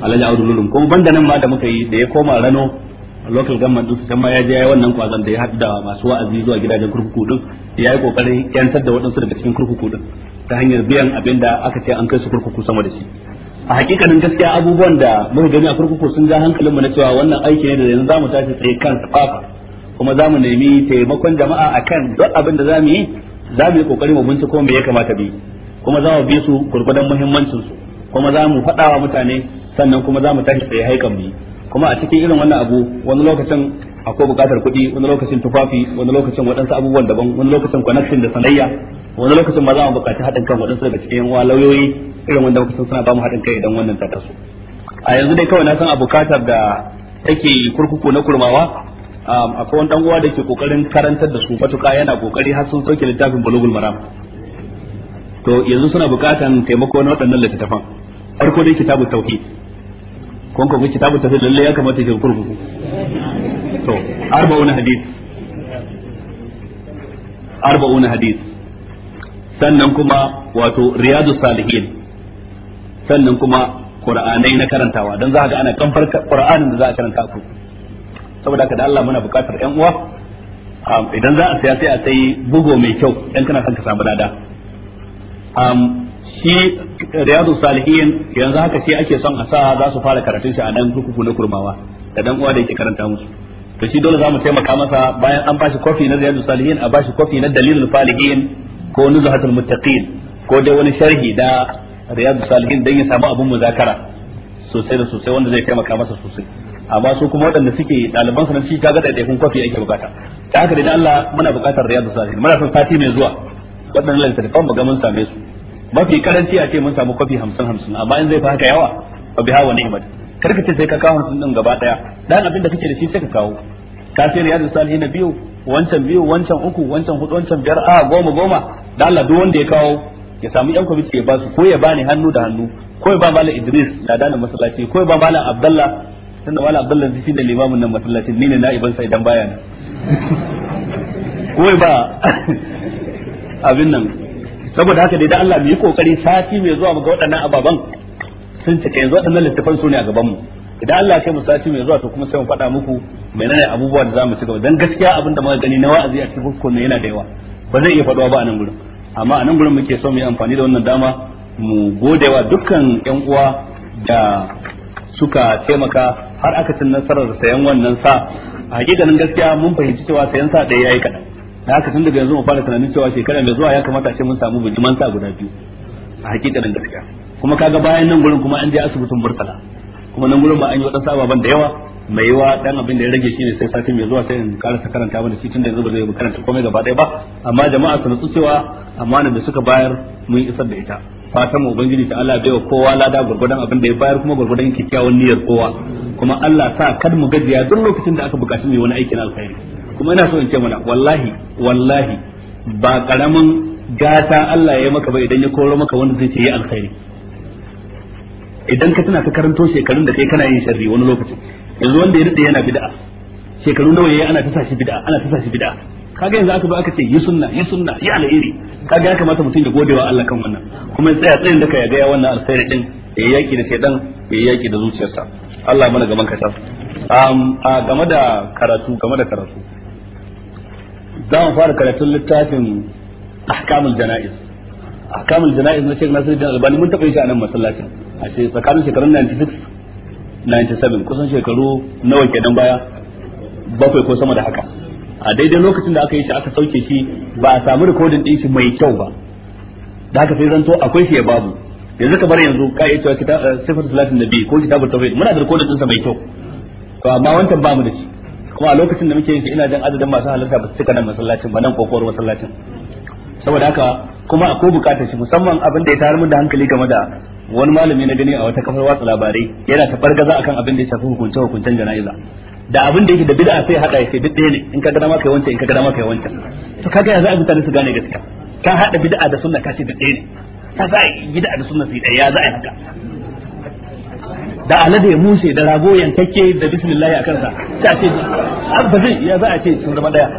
Allah ya auri lulun kuma banda nan ma da muka yi da ya koma rano local government din can ma ya je yayi wannan kwazan da ya hadda masu wa'azi zuwa gidajen kurkuku din yi kokarin yantar da waɗansu daga cikin kurkuku din ta hanyar biyan abin da aka ce an kai su kurkuku sama da shi a hakikanin gaskiya abubuwan da muka gani a kurkuku sun ja hankalinmu na cewa wannan aiki ne da yanzu zamu tashi tsaye kan tsafa kuma zamu nemi taimakon jama'a akan duk abin da zamu yi zamu yi kokari mu binciko me ya kamata bi kuma za mu bi su gurgudan muhimmancin su kuma za mu faɗa wa mutane sannan kuma za mu tashi tsaye haikan mu kuma a cikin irin wannan abu wani lokacin akwai buƙatar kuɗi wani lokacin tufafi wani lokacin waɗansu abubuwan daban wani lokacin connection da sanayya wani lokacin ma za mu buƙaci haɗin kan waɗansu daga cikin yan lauyoyi irin wanda muka san suna ba mu haɗin kai idan wannan ta taso a yanzu dai kawai na san a buƙatar da take kurkuku na kurmawa um, akwai wani dan uwa da ke kokarin karantar da su matuƙa yana kokari har sun sauke littafin bulugul maram to yanzu suna bukatan taimako na waɗannan littattafan farko dai kitabu tauhid kun kuma kitabu tauhid lalle ya kamata ki kurku to arba'un hadith arba'un hadith sannan kuma wato riyadu salihin sannan kuma qur'anai na karantawa dan za ga ana kamfar qur'anin da za a karanta ku saboda haka da Allah muna bukatar yan uwa idan za a siya sai a sai bugo mai kyau dan kana son ka samu dada shi riyadu salihin yanzu haka sai ake son a sa za su fara karatun shi a nan rukuku na kurmawa da dan uwa da yake karanta musu to shi dole za mu taimaka masa bayan an bashi kofi na riyadu salihin a bashi kofi na dalilul falihin ko nuzhatul muttaqin ko dai wani sharhi da riyadu salihin dan ya samu abun muzakara sosai da sosai wanda zai taimaka masa sosai amma su kuma waɗanda suke ɗalibansu na shi kaga kun kofi ake bukata ta haka da Allah muna bukatar riyadu salihin muna son sati mai zuwa waɗannan littattafan mu ga mun same su mafi karanci a ce mun samu kwafi hamsin hamsin amma in zai fi haka yawa fa biya wa ni'mat karka ce sai ka kawo hamsin din gaba daya dan abin da kake da shi sai ka kawo ka sai riyadu salihin biyu wancan biyu wancan uku wancan hudu wancan biyar a goma goma dan Allah duk wanda ya kawo ya samu yan kwamiti ya ba su ko ya bani hannu da hannu ko ya ba malam Idris ladanin masallaci ko ya ba malam Abdullah tunda malam Abdullah shi ne limamin nan masallaci ni ne na'iban sa idan baya ko ya ba abin nan saboda haka dai da Allah mu yi kokari sati mai zuwa ga waɗannan ababan sun cika yanzu waɗannan littafan su ne a gaban mu idan Allah kai mu sati mai zuwa to kuma sai mu faɗa muku menene abubuwa da zamu ci gaba dan gaskiya abin da muka gani na wa'azi a cikin hukumar yana da yawa ba zai iya faɗuwa ba a nan gurin amma a nan gurin muke so mu yi amfani da wannan dama mu godewa dukkan ƴan uwa da suka taimaka har aka cin nasarar sayan wannan sa a hakikanin gaskiya mun fahimci cewa sayan sa ɗaya yayi kaɗan da haka tunda daga yanzu mu fara tunanin cewa shekara mai zuwa ya kamata a ce mun samu bijiman sa guda biyu a hakikanin gaskiya kuma kaga bayan nan gurin kuma an je asibitin burtala kuma nan gurin ba an yi wadansu ababen da yawa mai yawa dan abin da ya rage shine sai satin mai zuwa sai in karanta karanta mana shi tun da yanzu ba zai karanta komai gaba ɗaya ba amma jama'a su nutsu cewa amana da suka bayar mun isar da ita fatan mu ubangiji ta Allah wa kowa lada gurgudan abin da ya bayar kuma gurgudan kikkiawan niyyar kowa kuma Allah sa kad mu gajiya duk lokacin da aka bukaci mu wani aikin alkhairi kuma ina so in ce mana wallahi wallahi ba karamin gata Allah ya maka ba idan ya koro maka wanda zai ce yi alkhairi idan ka tana ka karanto shekarun da kai kana yin sharri wani lokaci. yanzu wanda ya dade yana bid'a shekaru nawa yayi ana ta shi bid'a ana ta shi bid'a kaga yanzu aka ba aka ce yi sunna yi sunna yi alkhairi kaga ya kamata mutum ya godewa Allah kan wannan kuma ya tsaya tsayin da ka yaga ya wannan alkhairi din ya yaki da shaidan ya yaki da zuciyarsa Allah mana gaban ka ta a game da karatu game da karatu za mu fara karatun littafin ahkamul jana'iz ahkamul jana'iz na Sheikh Nasiruddin Albani mun taɓa yi shi a nan masallacin a ce tsakanin shekarun 96 97 kusan shekaru nawa kenan baya bakwai ko sama da haka a daidai lokacin da aka yi shi aka sauke shi ba a samu rikodin din shi mai kyau ba da haka sai zanto akwai shi ya babu yanzu bar yanzu ka iya cewa eh, sifar salatin da biyu ko kitabul tauhid muna da rikodin din sa mai kyau to amma wancan ba mu da shi kuma a lokacin da muke yin ina jan adadin masu halarta ba su cika nan masallacin ba nan kokowar masallacin saboda haka kuma akwai bukatar shi musamman abin da ya tarar da hankali game da wani malami na gani a wata kafar watsa labarai yana ta bargaza akan abin da ya shafi hukunce hukuncen jana'iza da abin da yake da bid'a sai hada yake duk ɗaya ne in ka ga dama kai wancan in ka ga dama kai wancan to kaga yanzu a mutane su gane gaskiya ka hada bid'a da sunna kace duk ɗaya ne ka za a yi bid'a da sunna sai ɗaya ya za a yi haka da alade ya mushe da rago yankakke da bismillah a kansa ta ce ba zai ya za a ce sun zama daya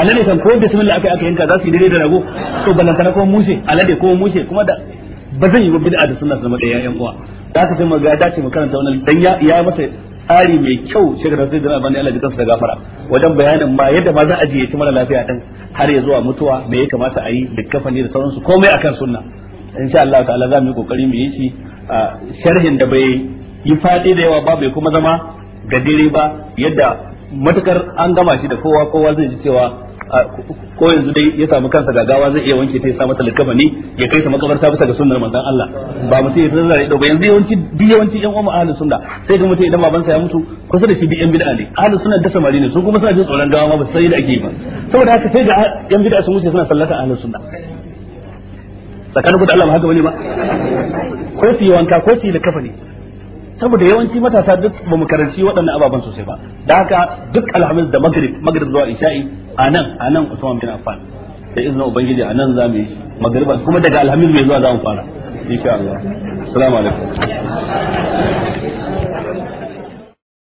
alade kan ko bismillah aka aka yanka za su yi daidai da rago to balantana ko mushe alade ko mushe kuma da ba zai yi wa bid'a da sunna zama daya yan uwa Za ka sai mu ga dace mu karanta wannan dan ya ya masa tsari mai kyau shirin da sai da bani Allah jikansa da gafara wajen bayanin ma yadda ma za a jiye ta mara lafiya din har ya zuwa mutuwa me ya kamata a yi da kafani da sauransu komai akan sunna insha Allah ta'ala za mu yi kokari mu yi shi sharhin da bai yi faɗi da yawa ba bai kuma zama dire ba yadda matukar an gama shi da kowa kowa zai ji cewa ko yanzu dai ya samu kansa gagawa zai iya wanke ta ya sa mata ne ya kai ta makabarta bisa ga sunnar manzon Allah ba mutum ya tsara ido ba yanzu yawanci duk yawanci yan uwa ahlus sunna sai ga mutum idan babansa ya mutu kusa da shi bi yan bid'a ne ahlus sunna da samari ne su kuma suna jin tsoron gawa ma ba sai da ake ba saboda haka sai da yan bid'a sun wuce suna sallata ahlus sunna tsakanin ku da Allah ba haka bane ba ko su yi wanka ko su yi ne saboda yawanci matasa duk ba mu karanci waɗannan ababen sosai ba da haka duk alhamis da magrib magrib zuwa isha'i anan anan Usman bin Affan da izinin ubangiji nan za mu yi magrib kuma daga alhamis mai zuwa za mu fara insha Allah assalamu alaikum